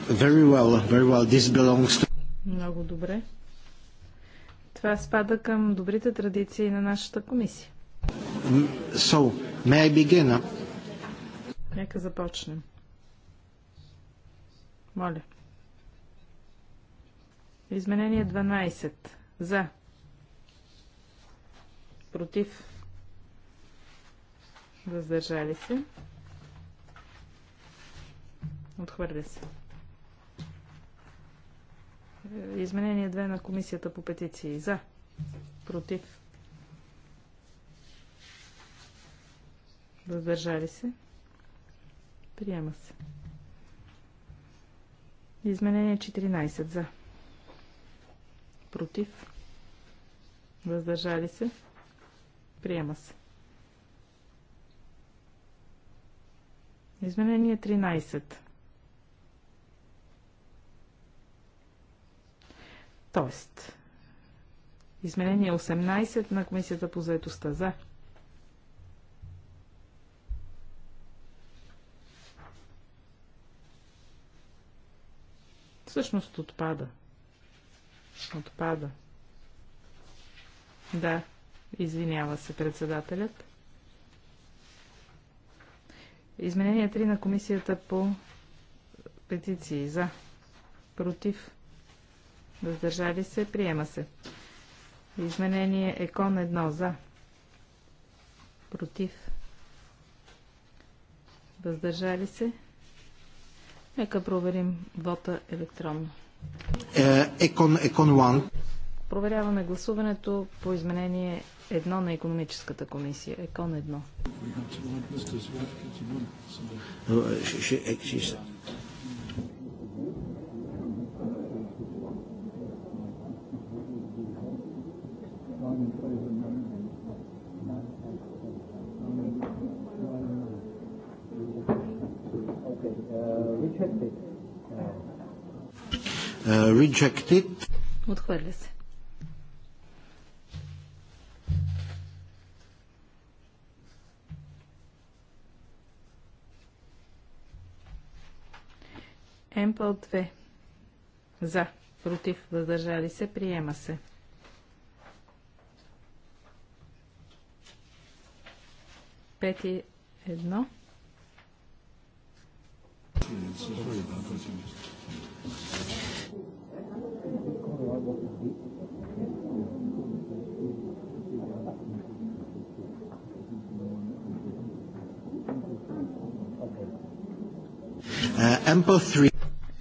Very well, very well. This belongs to... Много добре. Това спада към добрите традиции на нашата комисия. So, may I begin? Нека започнем. Моля. Изменение 12. За. Против. Въздържали се. Отхвърля се. Изменение 2 на комисията по петиции. За. Против. Въздържали се. Приема се. Изменение 14 за. Против. Въздържали се. Приема се. Изменение 13. Тоест, изменение 18 на Комисията по заедостта за. Всъщност отпада. Отпада. Да, извинява се председателят. Изменение 3 на комисията по петиции за, против, въздържали се, приема се. Изменение ЕКОН 1 за, против, въздържали се, Нека проверим вота електронно. Е, екон, екон 1. Проверяваме гласуването по изменение едно на економическата комисия. Екон едно. 1. rejected. Отхвърля се. МПЛ 2. За. Против. Въздържали се. Приема се. Пети едно. Thank you.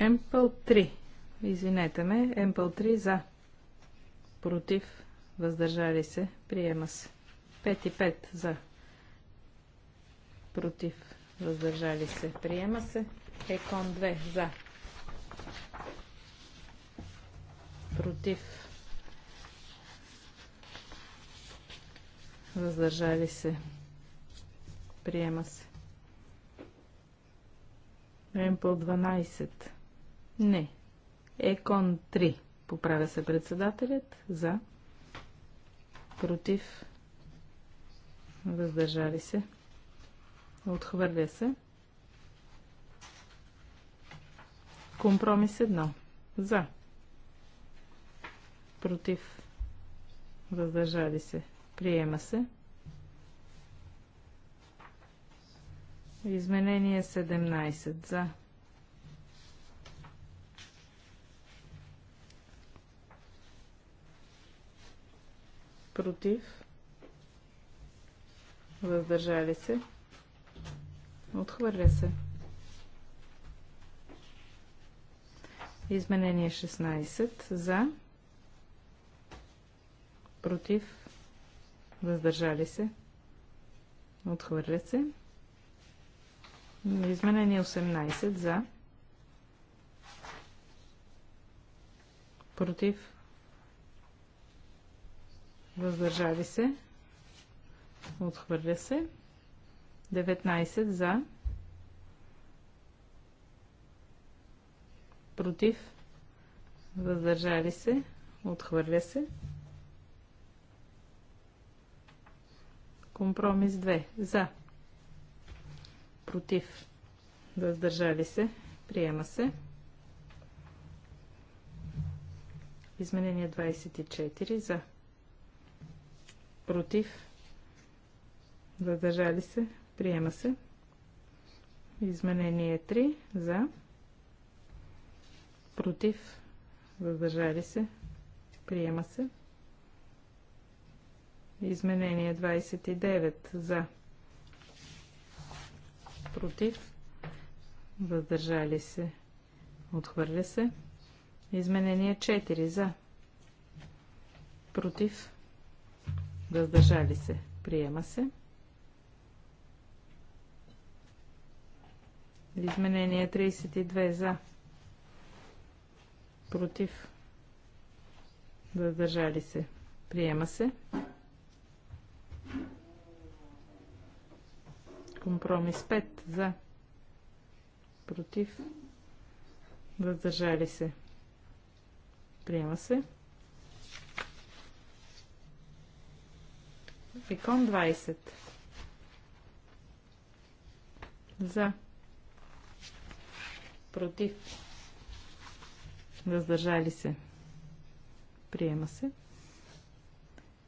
Емпъл uh, 3. Извинете ме. Емпъл 3 за. Против. Въздържали се. Приема се. 5 и 5 за. Против. Въздържали се. Приема се. Екон 2 за против, въздържали се, приема се. МПЛ 12. Не. ЕКОН 3. Поправя се председателят. За. Против. Въздържали се. Отхвърля се. Компромис 1. За против, въздържали се, приема се. Изменение 17 за. Против. Въздържали се. Отхвърля се. Изменение 16 за против, въздържали се, отхвърля се. Изменение 18 за, против, въздържали се, отхвърля се. 19 за, против, въздържали се, отхвърля се. Компромис 2. За. Против. Въздържали се. Приема се. Изменение 24. За. Против. Въздържали се. Приема се. Изменение 3. За. Против. Въздържали се. Приема се. Изменение 29 за. Против. Въздържали се. Отхвърля се. Изменение 4 за. Против. Въздържали се. Приема се. Изменение 32 за. Против. Въздържали се. Приема се. Компромис 5 за. Против. Въздържали се. Приема се. Икон 20. За. Против. Въздържали се. Приема се.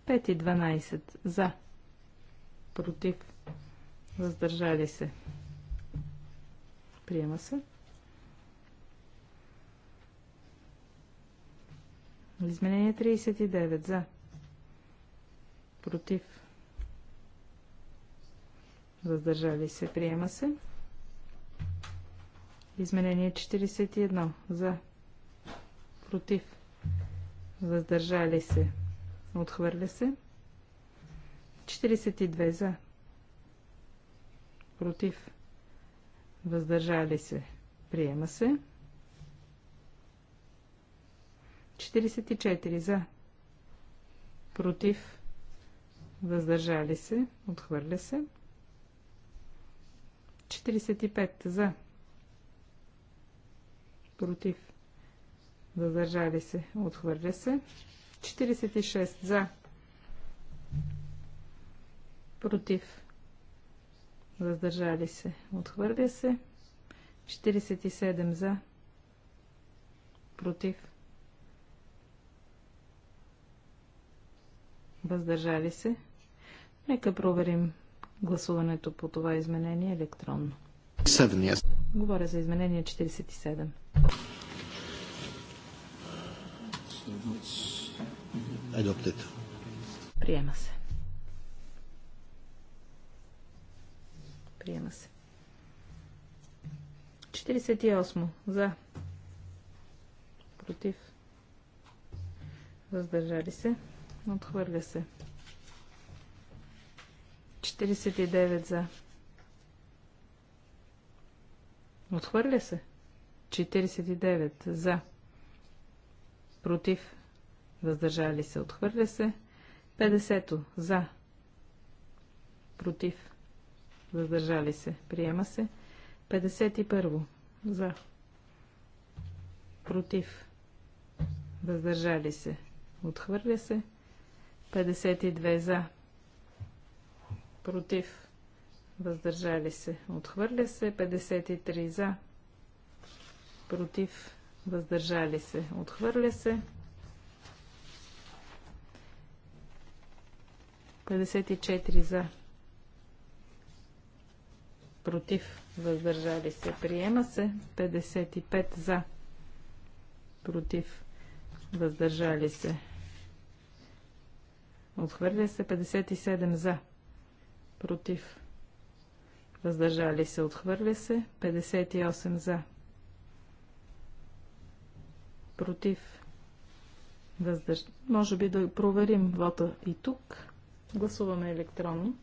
5 и 12. За. Против. Въздържали се. Приема се. Изменение 39. За. Против. Въздържали се. Приема се. Изменение 41. За. Против. Въздържали се. Отхвърля се. 42. За против, въздържали се, приема се. 44 за, против, въздържали се, отхвърля се. 45 за, против, въздържали се, отхвърля се. 46 за, против, въздържали се, отхвърля се. 47 за, против, въздържали се. Нека проверим гласуването по това изменение електронно. 7, yes. Говоря за изменение 47. Adopted. Приема се. Приема се. 48. За. Против. Въздържали се. Отхвърля се. 49 за. Отхвърля се. 49 за. Против. Въздържали се. Отхвърля се. 50 за. Против. Въздържали се. Приема се. 51. За. Против. Въздържали се. Отхвърля се. 52. За. Против. Въздържали се. Отхвърля се. 53. За. Против. Въздържали се. Отхвърля се. 54. За против, въздържали се, приема се. 55 за, против, въздържали се. Отхвърля се 57 за, против, въздържали се, отхвърля се 58 за, против, въздържали. Може би да проверим вота и тук. Гласуваме електронно.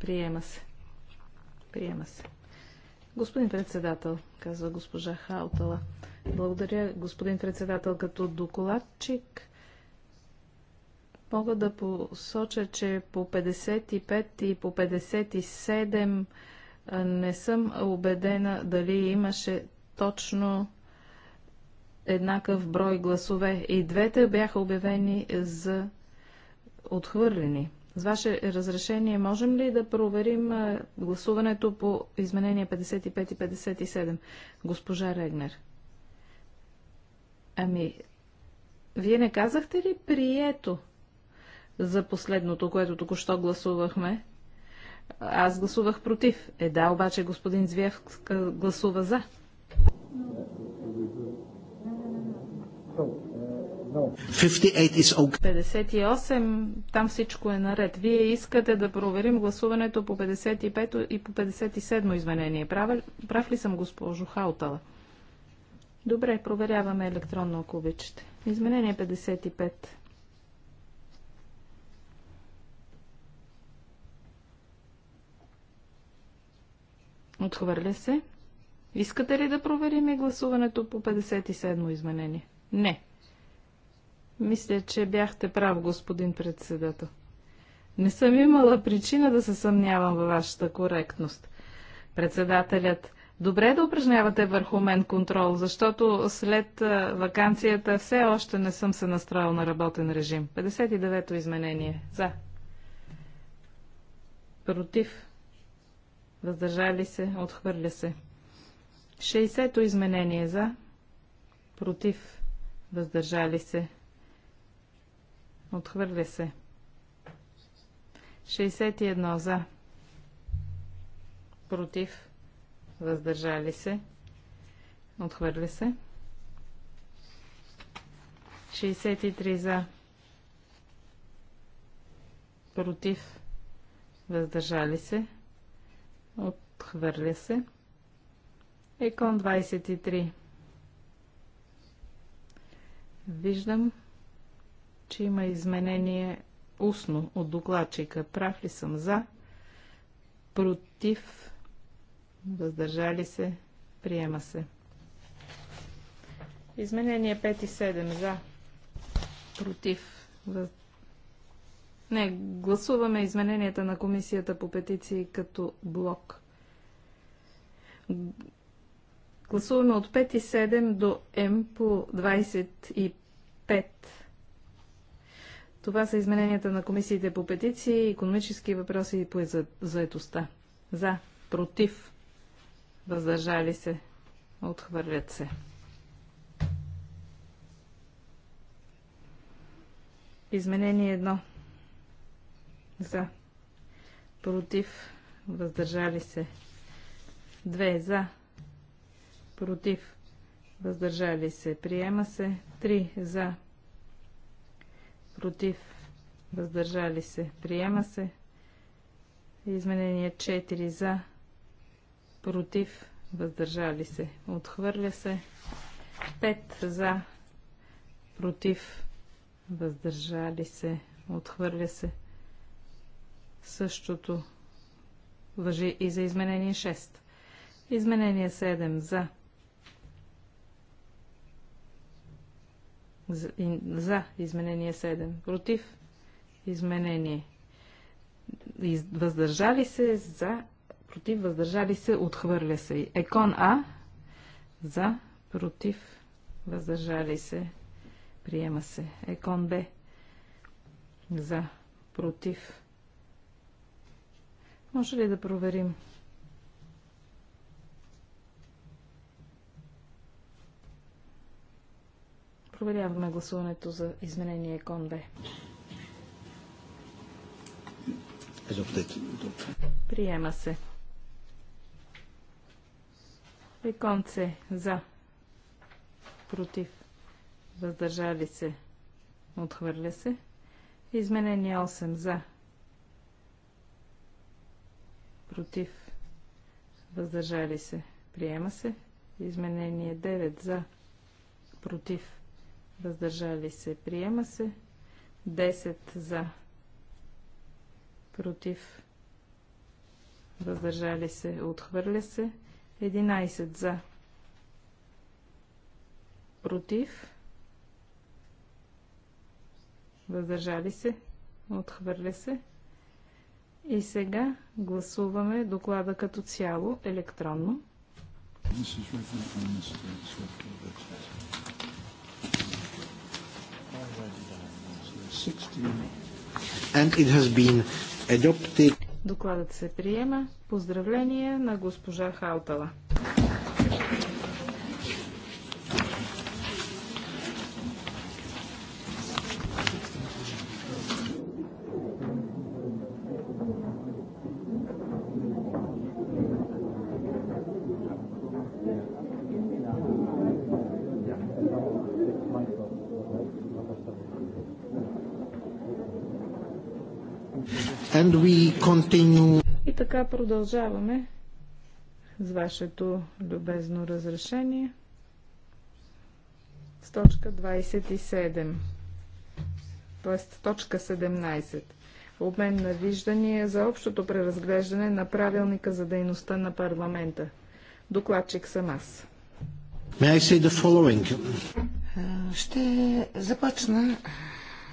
Приема се. Приема се. Господин председател, казва госпожа Хаутала. Благодаря, господин председател, като докладчик. Мога да посоча, че по 55 и по 57 не съм убедена дали имаше точно еднакъв брой гласове и двете бяха обявени за отхвърлени. С ваше разрешение можем ли да проверим гласуването по изменения 55 и 57, госпожа Регнер? Ами, вие не казахте ли прието за последното, което току-що гласувахме? Аз гласувах против. Е да, обаче господин Звев гласува за. 58, там всичко е наред. Вие искате да проверим гласуването по 55 и по 57 изменение. Прав, прав ли съм, госпожо Хаутала? Добре, проверяваме електронно, ако обичате. Изменение 55. Отхвърля се. Искате ли да проверим гласуването по 57 изменение? Не. Мисля, че бяхте прав, господин председател. Не съм имала причина да се съмнявам във вашата коректност. Председателят, добре да упражнявате върху мен контрол, защото след вакансията все още не съм се настроил на работен режим. 59-то изменение. За. Против. Въздържали се. Отхвърля се. 60-то изменение. За. Против въздържали се, отхвърля се. 61 за, против, въздържали се, отхвърля се. 63 за, против, въздържали се, отхвърля се. Екон 23 Виждам, че има изменение устно от докладчика. Прав ли съм за? Против? Въздържали се? Приема се. Изменение 5 и 7 за. Против? Въз... Не, гласуваме измененията на комисията по петиции като блок. Гласуваме от 5 и 7 до М по 25. Това са измененията на комисиите по петиции, економически въпроси и по заетостта. За, против, въздържали се, отхвърлят се. Изменение едно. За. Против. Въздържали се. 2. За против, въздържали се, приема се. 3 за, против, въздържали се, приема се. Изменение 4 за, против, въздържали се, отхвърля се. 5 за, против, въздържали се, отхвърля се. Същото въжи и за изменение 6. Изменение 7 за, За, изменение 7. Против изменение. Из, въздържали се за. Против въздържали се. Отхвърля се. Екон А. За. Против въздържали се. Приема се. Екон Б. За. Против. Може ли да проверим? Проверяваме гласуването за изменение Кон Б. Приема се. Икон С. За. Против. Въздържали се. Отхвърля се. Изменение 8. За. Против. Въздържали се. Приема се. Изменение 9. За. Против въздържали се, приема се. 10 за, против, въздържали се, отхвърля се. 11 за, против, въздържали се, отхвърля се. И сега гласуваме доклада като цяло електронно. This is And it has been adopted. Докладът се приема. Поздравления на госпожа Хаутала. we continue. И така продължаваме с вашето любезно разрешение с точка 27, т.е. точка 17. Обмен на виждания за общото преразглеждане на правилника за дейността на парламента. Докладчик съм аз. Ще започна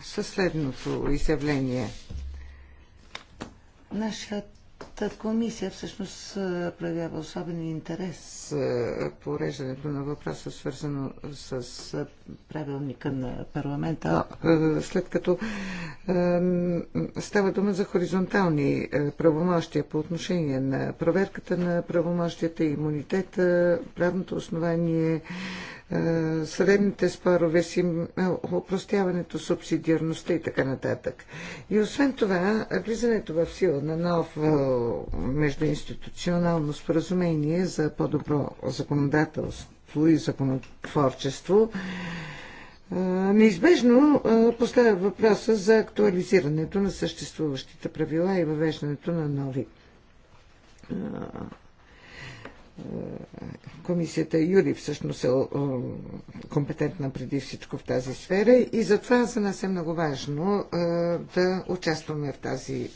със следното изявление – Нашият Тат комисия всъщност проявява особен интерес по уреждането на въпроса, свързано с правилника на парламента, след като става дума за хоризонтални правомощия по отношение на проверката на правомощията, имунитета, правното основание, съдебните спорове, упростяването, субсидиарността и така нататък. И освен това, влизането в сила на нов междуинституционално споразумение за по-добро законодателство и законотворчество, неизбежно поставя въпроса за актуализирането на съществуващите правила и въвеждането на нови. Комисията Юри всъщност е компетентна преди всичко в тази сфера и затова за нас е много важно да участваме в тази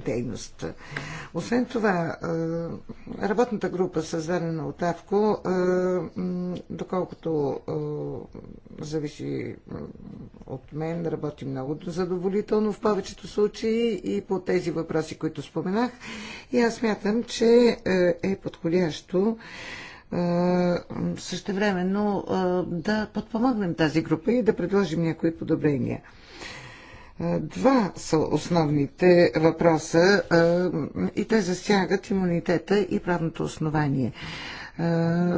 дейност. Освен това, работната група, създадена от АВКО, доколкото зависи от мен, работи много задоволително в повечето случаи и по тези въпроси, които споменах. И аз мятам, че е подходящо същевременно да подпомогнем тази група и да предложим някои подобрения. Два са основните въпроса и те засягат имунитета и правното основание.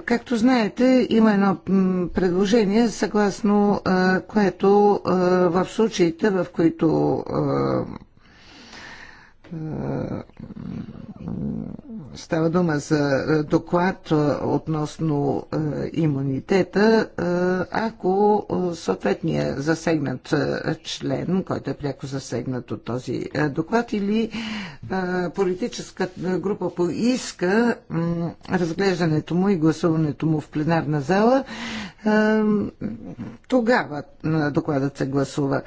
Както знаете, има едно предложение, съгласно което в случаите, в които е, става дума за е, доклад е, относно имунитета. Ако съответния засегнат член, който е пряко засегнат от този доклад, или политическа група поиска разглеждането му и гласуването му в пленарна зала, тогава докладът се гласува.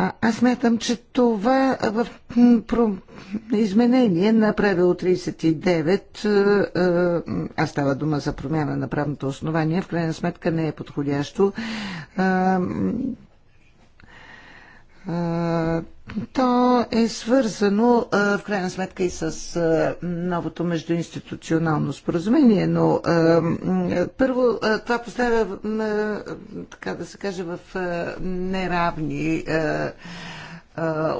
А, аз мятам, че това е в про, изменение на правило 39, е, е, а става дума за промяна на правното основание, в крайна сметка не е подходящо. А, то е свързано в крайна сметка и с новото междуинституционално споразумение, но първо това поставя, така да се каже, в неравни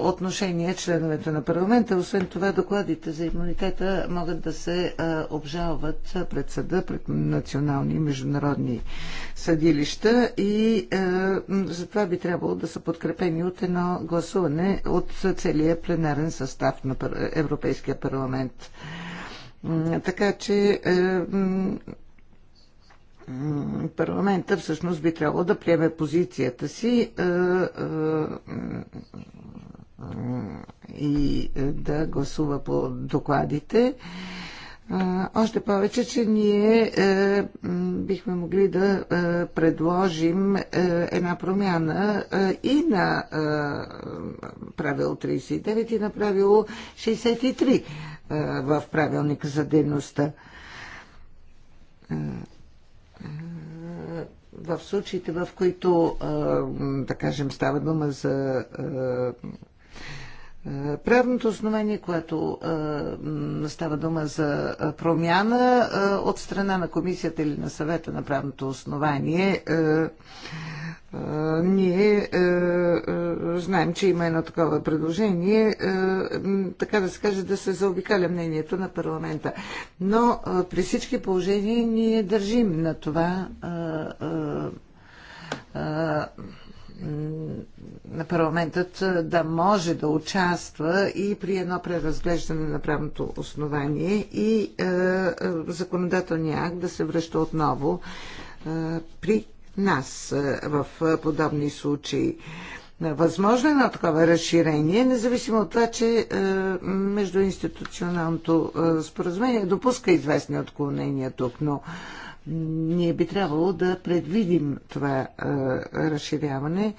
отношение членовете на парламента. Освен това, докладите за имунитета могат да се обжалват пред съда, пред национални и международни съдилища и затова би трябвало да са подкрепени от едно гласуване от целия пленарен състав на Европейския парламент. Така че е, парламента всъщност би трябвало да приеме позицията си е, е, е, и да гласува по докладите. Още повече, че ние бихме могли да предложим една промяна и на правило 39 и на правило 63 в правилника за дейността в случаите, в които, да кажем, става дума за правното основание, което става дума за промяна от страна на комисията или на съвета на правното основание, ние е, е, знаем, че има едно такова предложение, е, така да се каже, да се заобикаля мнението на парламента. Но е, при всички положения ние държим на това е, е, на парламентът да може да участва и при едно преразглеждане на правното основание и законодателния акт да се връща отново при нас е, в е, подобни случаи. Възможно е на такова разширение, независимо от това, че е, междуинституционалното е, споразумение допуска известни отклонения тук, но ние би трябвало да предвидим това а, е, разширяване.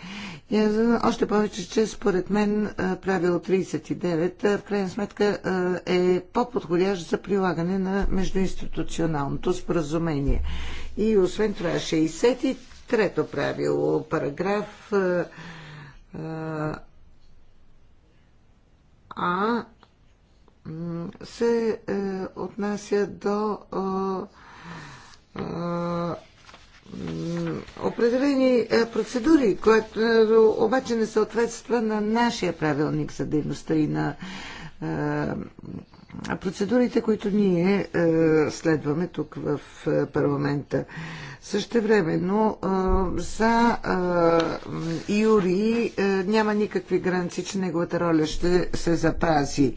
И, е, още повече, че според мен е, правило 39 в крайна сметка е по-подходящ за прилагане на междуинституционалното споразумение. И освен това 63-то правило, параграф а, а се е, отнася до е, определени е, процедури, което е, обаче не съответства на нашия правилник за дейността и на е, процедурите, които ние следваме тук в парламента. Също но за Юри няма никакви гранци, че неговата роля ще се запази.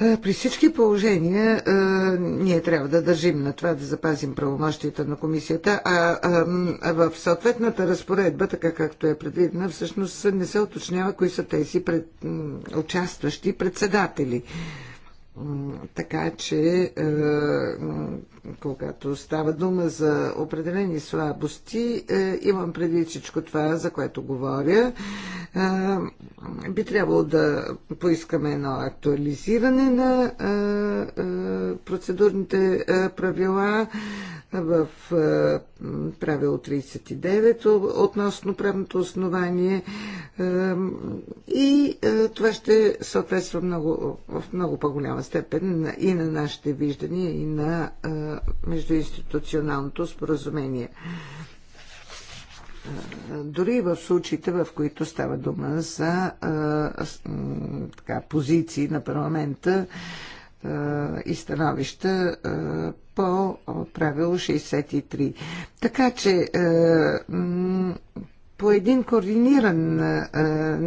Е, при всички положения е, ние трябва да държим на това да запазим правомощията на комисията, а в съответната разпоредба, така както е предвидена, всъщност не се уточнява кои са тези пред, участващи председатели. Така че е, когато става дума за определени слабости, е, имам преди всичко това, за което говоря. Е, би трябвало да поискаме едно актуализиране на е, процедурните правила в правило 39 относно правното основание и това ще съответства много, в много по-голяма степен и на нашите виждания и на междуинституционалното споразумение. Дори в случаите, в които става дума за така, позиции на парламента и становища по правило 63. Така че по един координиран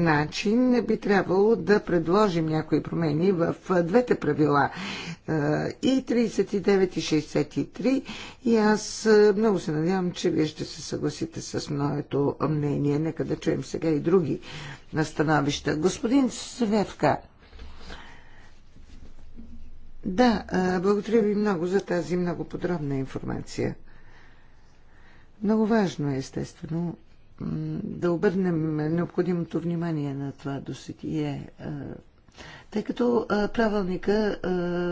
начин би трябвало да предложим някои промени в двете правила и 39 и 63 и аз много се надявам, че вие ще се съгласите с моето мнение. Нека да чуем сега и други становища. Господин Светка, да, благодаря ви много за тази много подробна информация. Много важно е, естествено, да обърнем необходимото внимание на това досетие тъй като правилника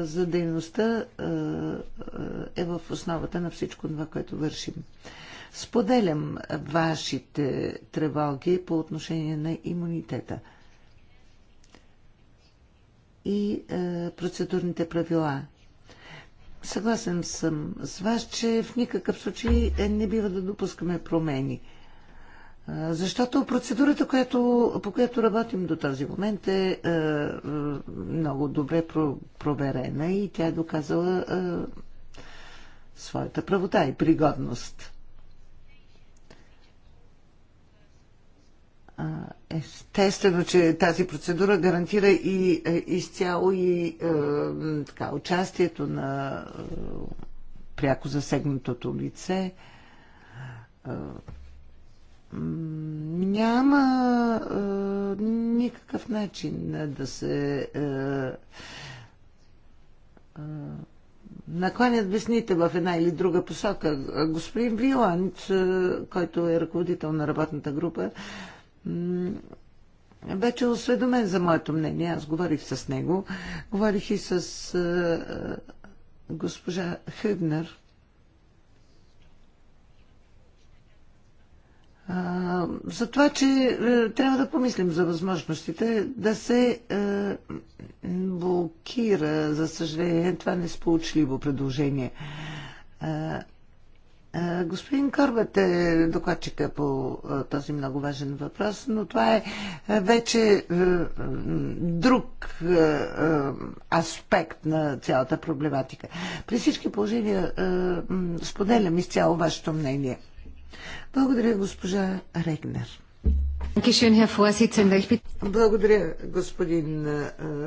за дейността е в основата на всичко това, което вършим. Споделям вашите тревоги по отношение на имунитета и процедурните правила. Съгласен съм с вас, че в никакъв случай е, не бива да допускаме промени – защото процедурата, която, по която работим до този момент е, е много добре про, проверена и тя е доказала е, своята правота и пригодност. Естествено, че тази процедура гарантира и е, изцяло и е, така, участието на е, пряко засегнатото лице е, няма а, никакъв начин да се е, накланят весните в една или друга посока. Господин Виланд, който е ръководител на работната група, вече е осведомен за моето мнение. Аз говорих с него. Говорих и с а, госпожа Хюбнер, за това, че е, трябва да помислим за възможностите да се е, блокира, за съжаление, това несполучливо предложение. Господин Корбът е докладчика по е, този много важен въпрос, но това е вече друг аспект на цялата проблематика. При всички положения споделям изцяло вашето мнение – благодаря, госпожа Регнер. Благодаря, господин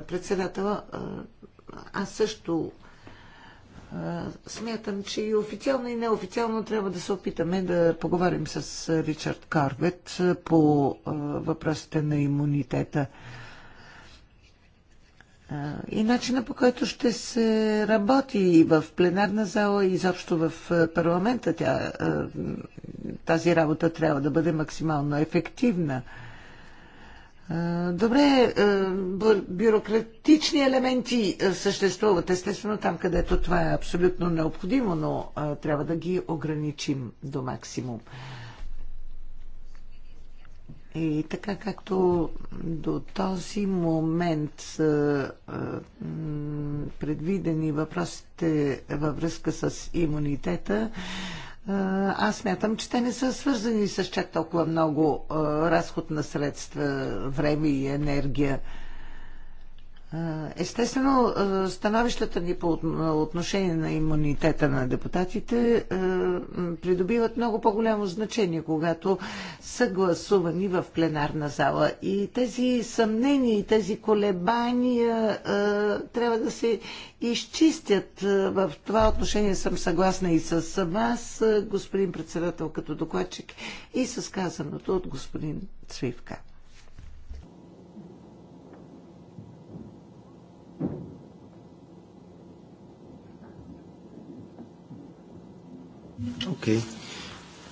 председател. Аз също смятам, че и официално и неофициално трябва да се опитаме да поговорим с Ричард Карвет по въпросите на имунитета и начина по който ще се работи и в пленарна зала, и изобщо в парламента. Тя, тази работа трябва да бъде максимално ефективна. Добре, бюрократични елементи съществуват, естествено, там където това е абсолютно необходимо, но трябва да ги ограничим до максимум. И така както до този момент са предвидени въпросите във връзка с имунитета, аз смятам, че те не са свързани с чак толкова много разход на средства, време и енергия. Естествено, е, становищата ни по отношение на имунитета на депутатите е, придобиват много по-голямо значение, когато са гласувани в пленарна зала. И тези съмнения и тези колебания е, трябва да се изчистят. В това отношение съм съгласна и с вас, господин председател, като докладчик, и с казаното от господин Цвивка. Okay.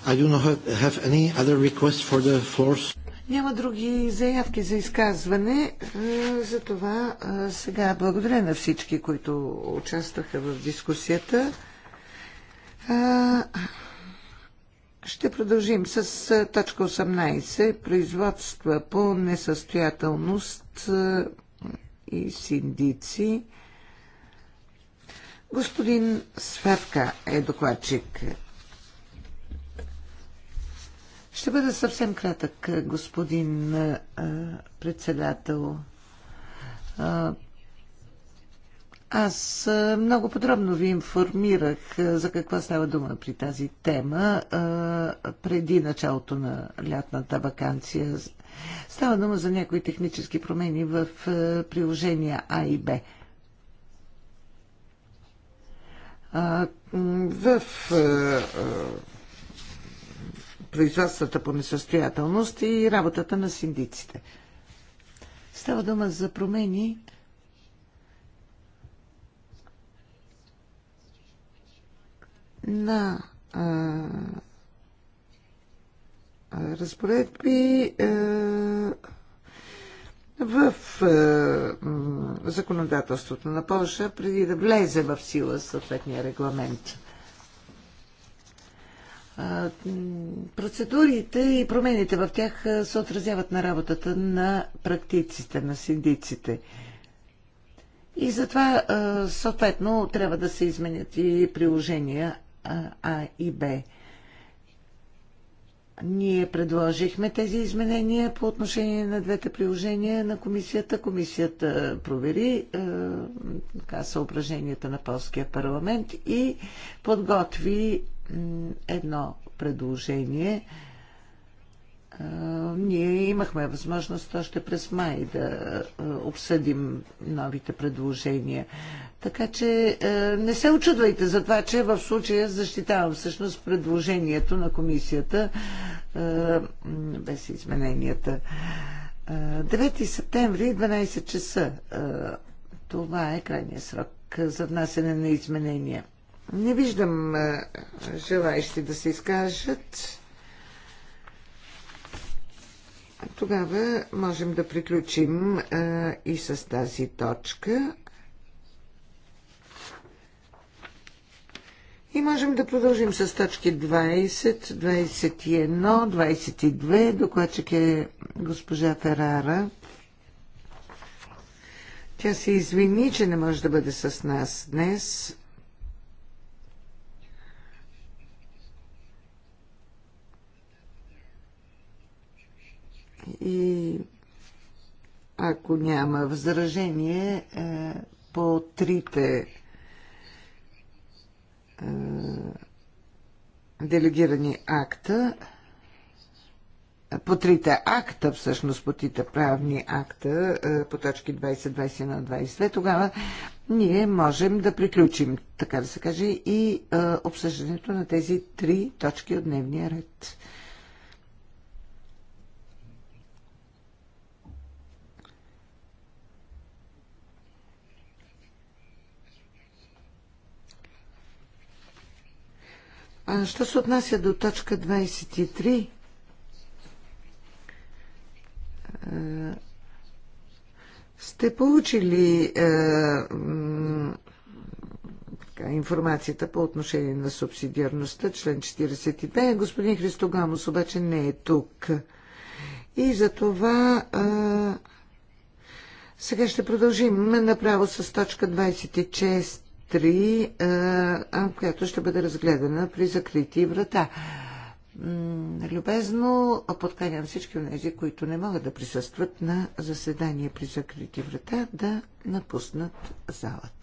I do not have any other request for the floors. Няма други заявки за изказване, е, затова е, сега благодаря на всички, които участваха в дискусията. Е, ще продължим с точка 18. Производства по несъстоятелност и синдици. Господин Светка е докладчик. Ще бъда съвсем кратък, господин а, председател. А, аз а, много подробно ви информирах а, за какво става дума при тази тема а, преди началото на лятната вакансия. Става дума за някои технически промени в е, приложения А и Б. В е, е, производствата по несъстоятелност и работата на синдиците. Става дума за промени, на а, разпоредби в законодателството на Польша, преди да влезе в сила съответния регламент. Процедурите и промените в тях се отразяват на работата на практиците, на синдиците. И затова, съответно, трябва да се изменят и приложения А и Б. Ние предложихме тези изменения по отношение на двете приложения на комисията. Комисията провери е, така, съображенията на полския парламент и подготви едно предложение ние имахме възможност още през май да обсъдим новите предложения. Така че не се очудвайте за това, че в случая защитавам всъщност предложението на комисията без измененията. 9 септември, 12 часа. Това е крайният срок за внасене на изменения. Не виждам желаещи да се изкажат. Тогава можем да приключим а, и с тази точка. И можем да продължим с точки 20, 21, 22. Докладчик е госпожа Ферара. Тя се извини, че не може да бъде с нас днес. И ако няма възражение е, по трите е, делегирани акта, по трите акта, всъщност по трите правни акта, е, по точки 20, 21, 22, тогава ние можем да приключим, така да се каже, и обсъждането на тези три точки от дневния ред. А, що се отнася до точка 23, е, сте получили е, така, информацията по отношение на субсидиарността, член 42. Господин Христогамос обаче не е тук. И за това е, сега ще продължим направо с точка 26. 3, е, която ще бъде разгледана при закрити врата. Любезно подканям всички от тези, които не могат да присъстват на заседание при закрити врата, да напуснат залата.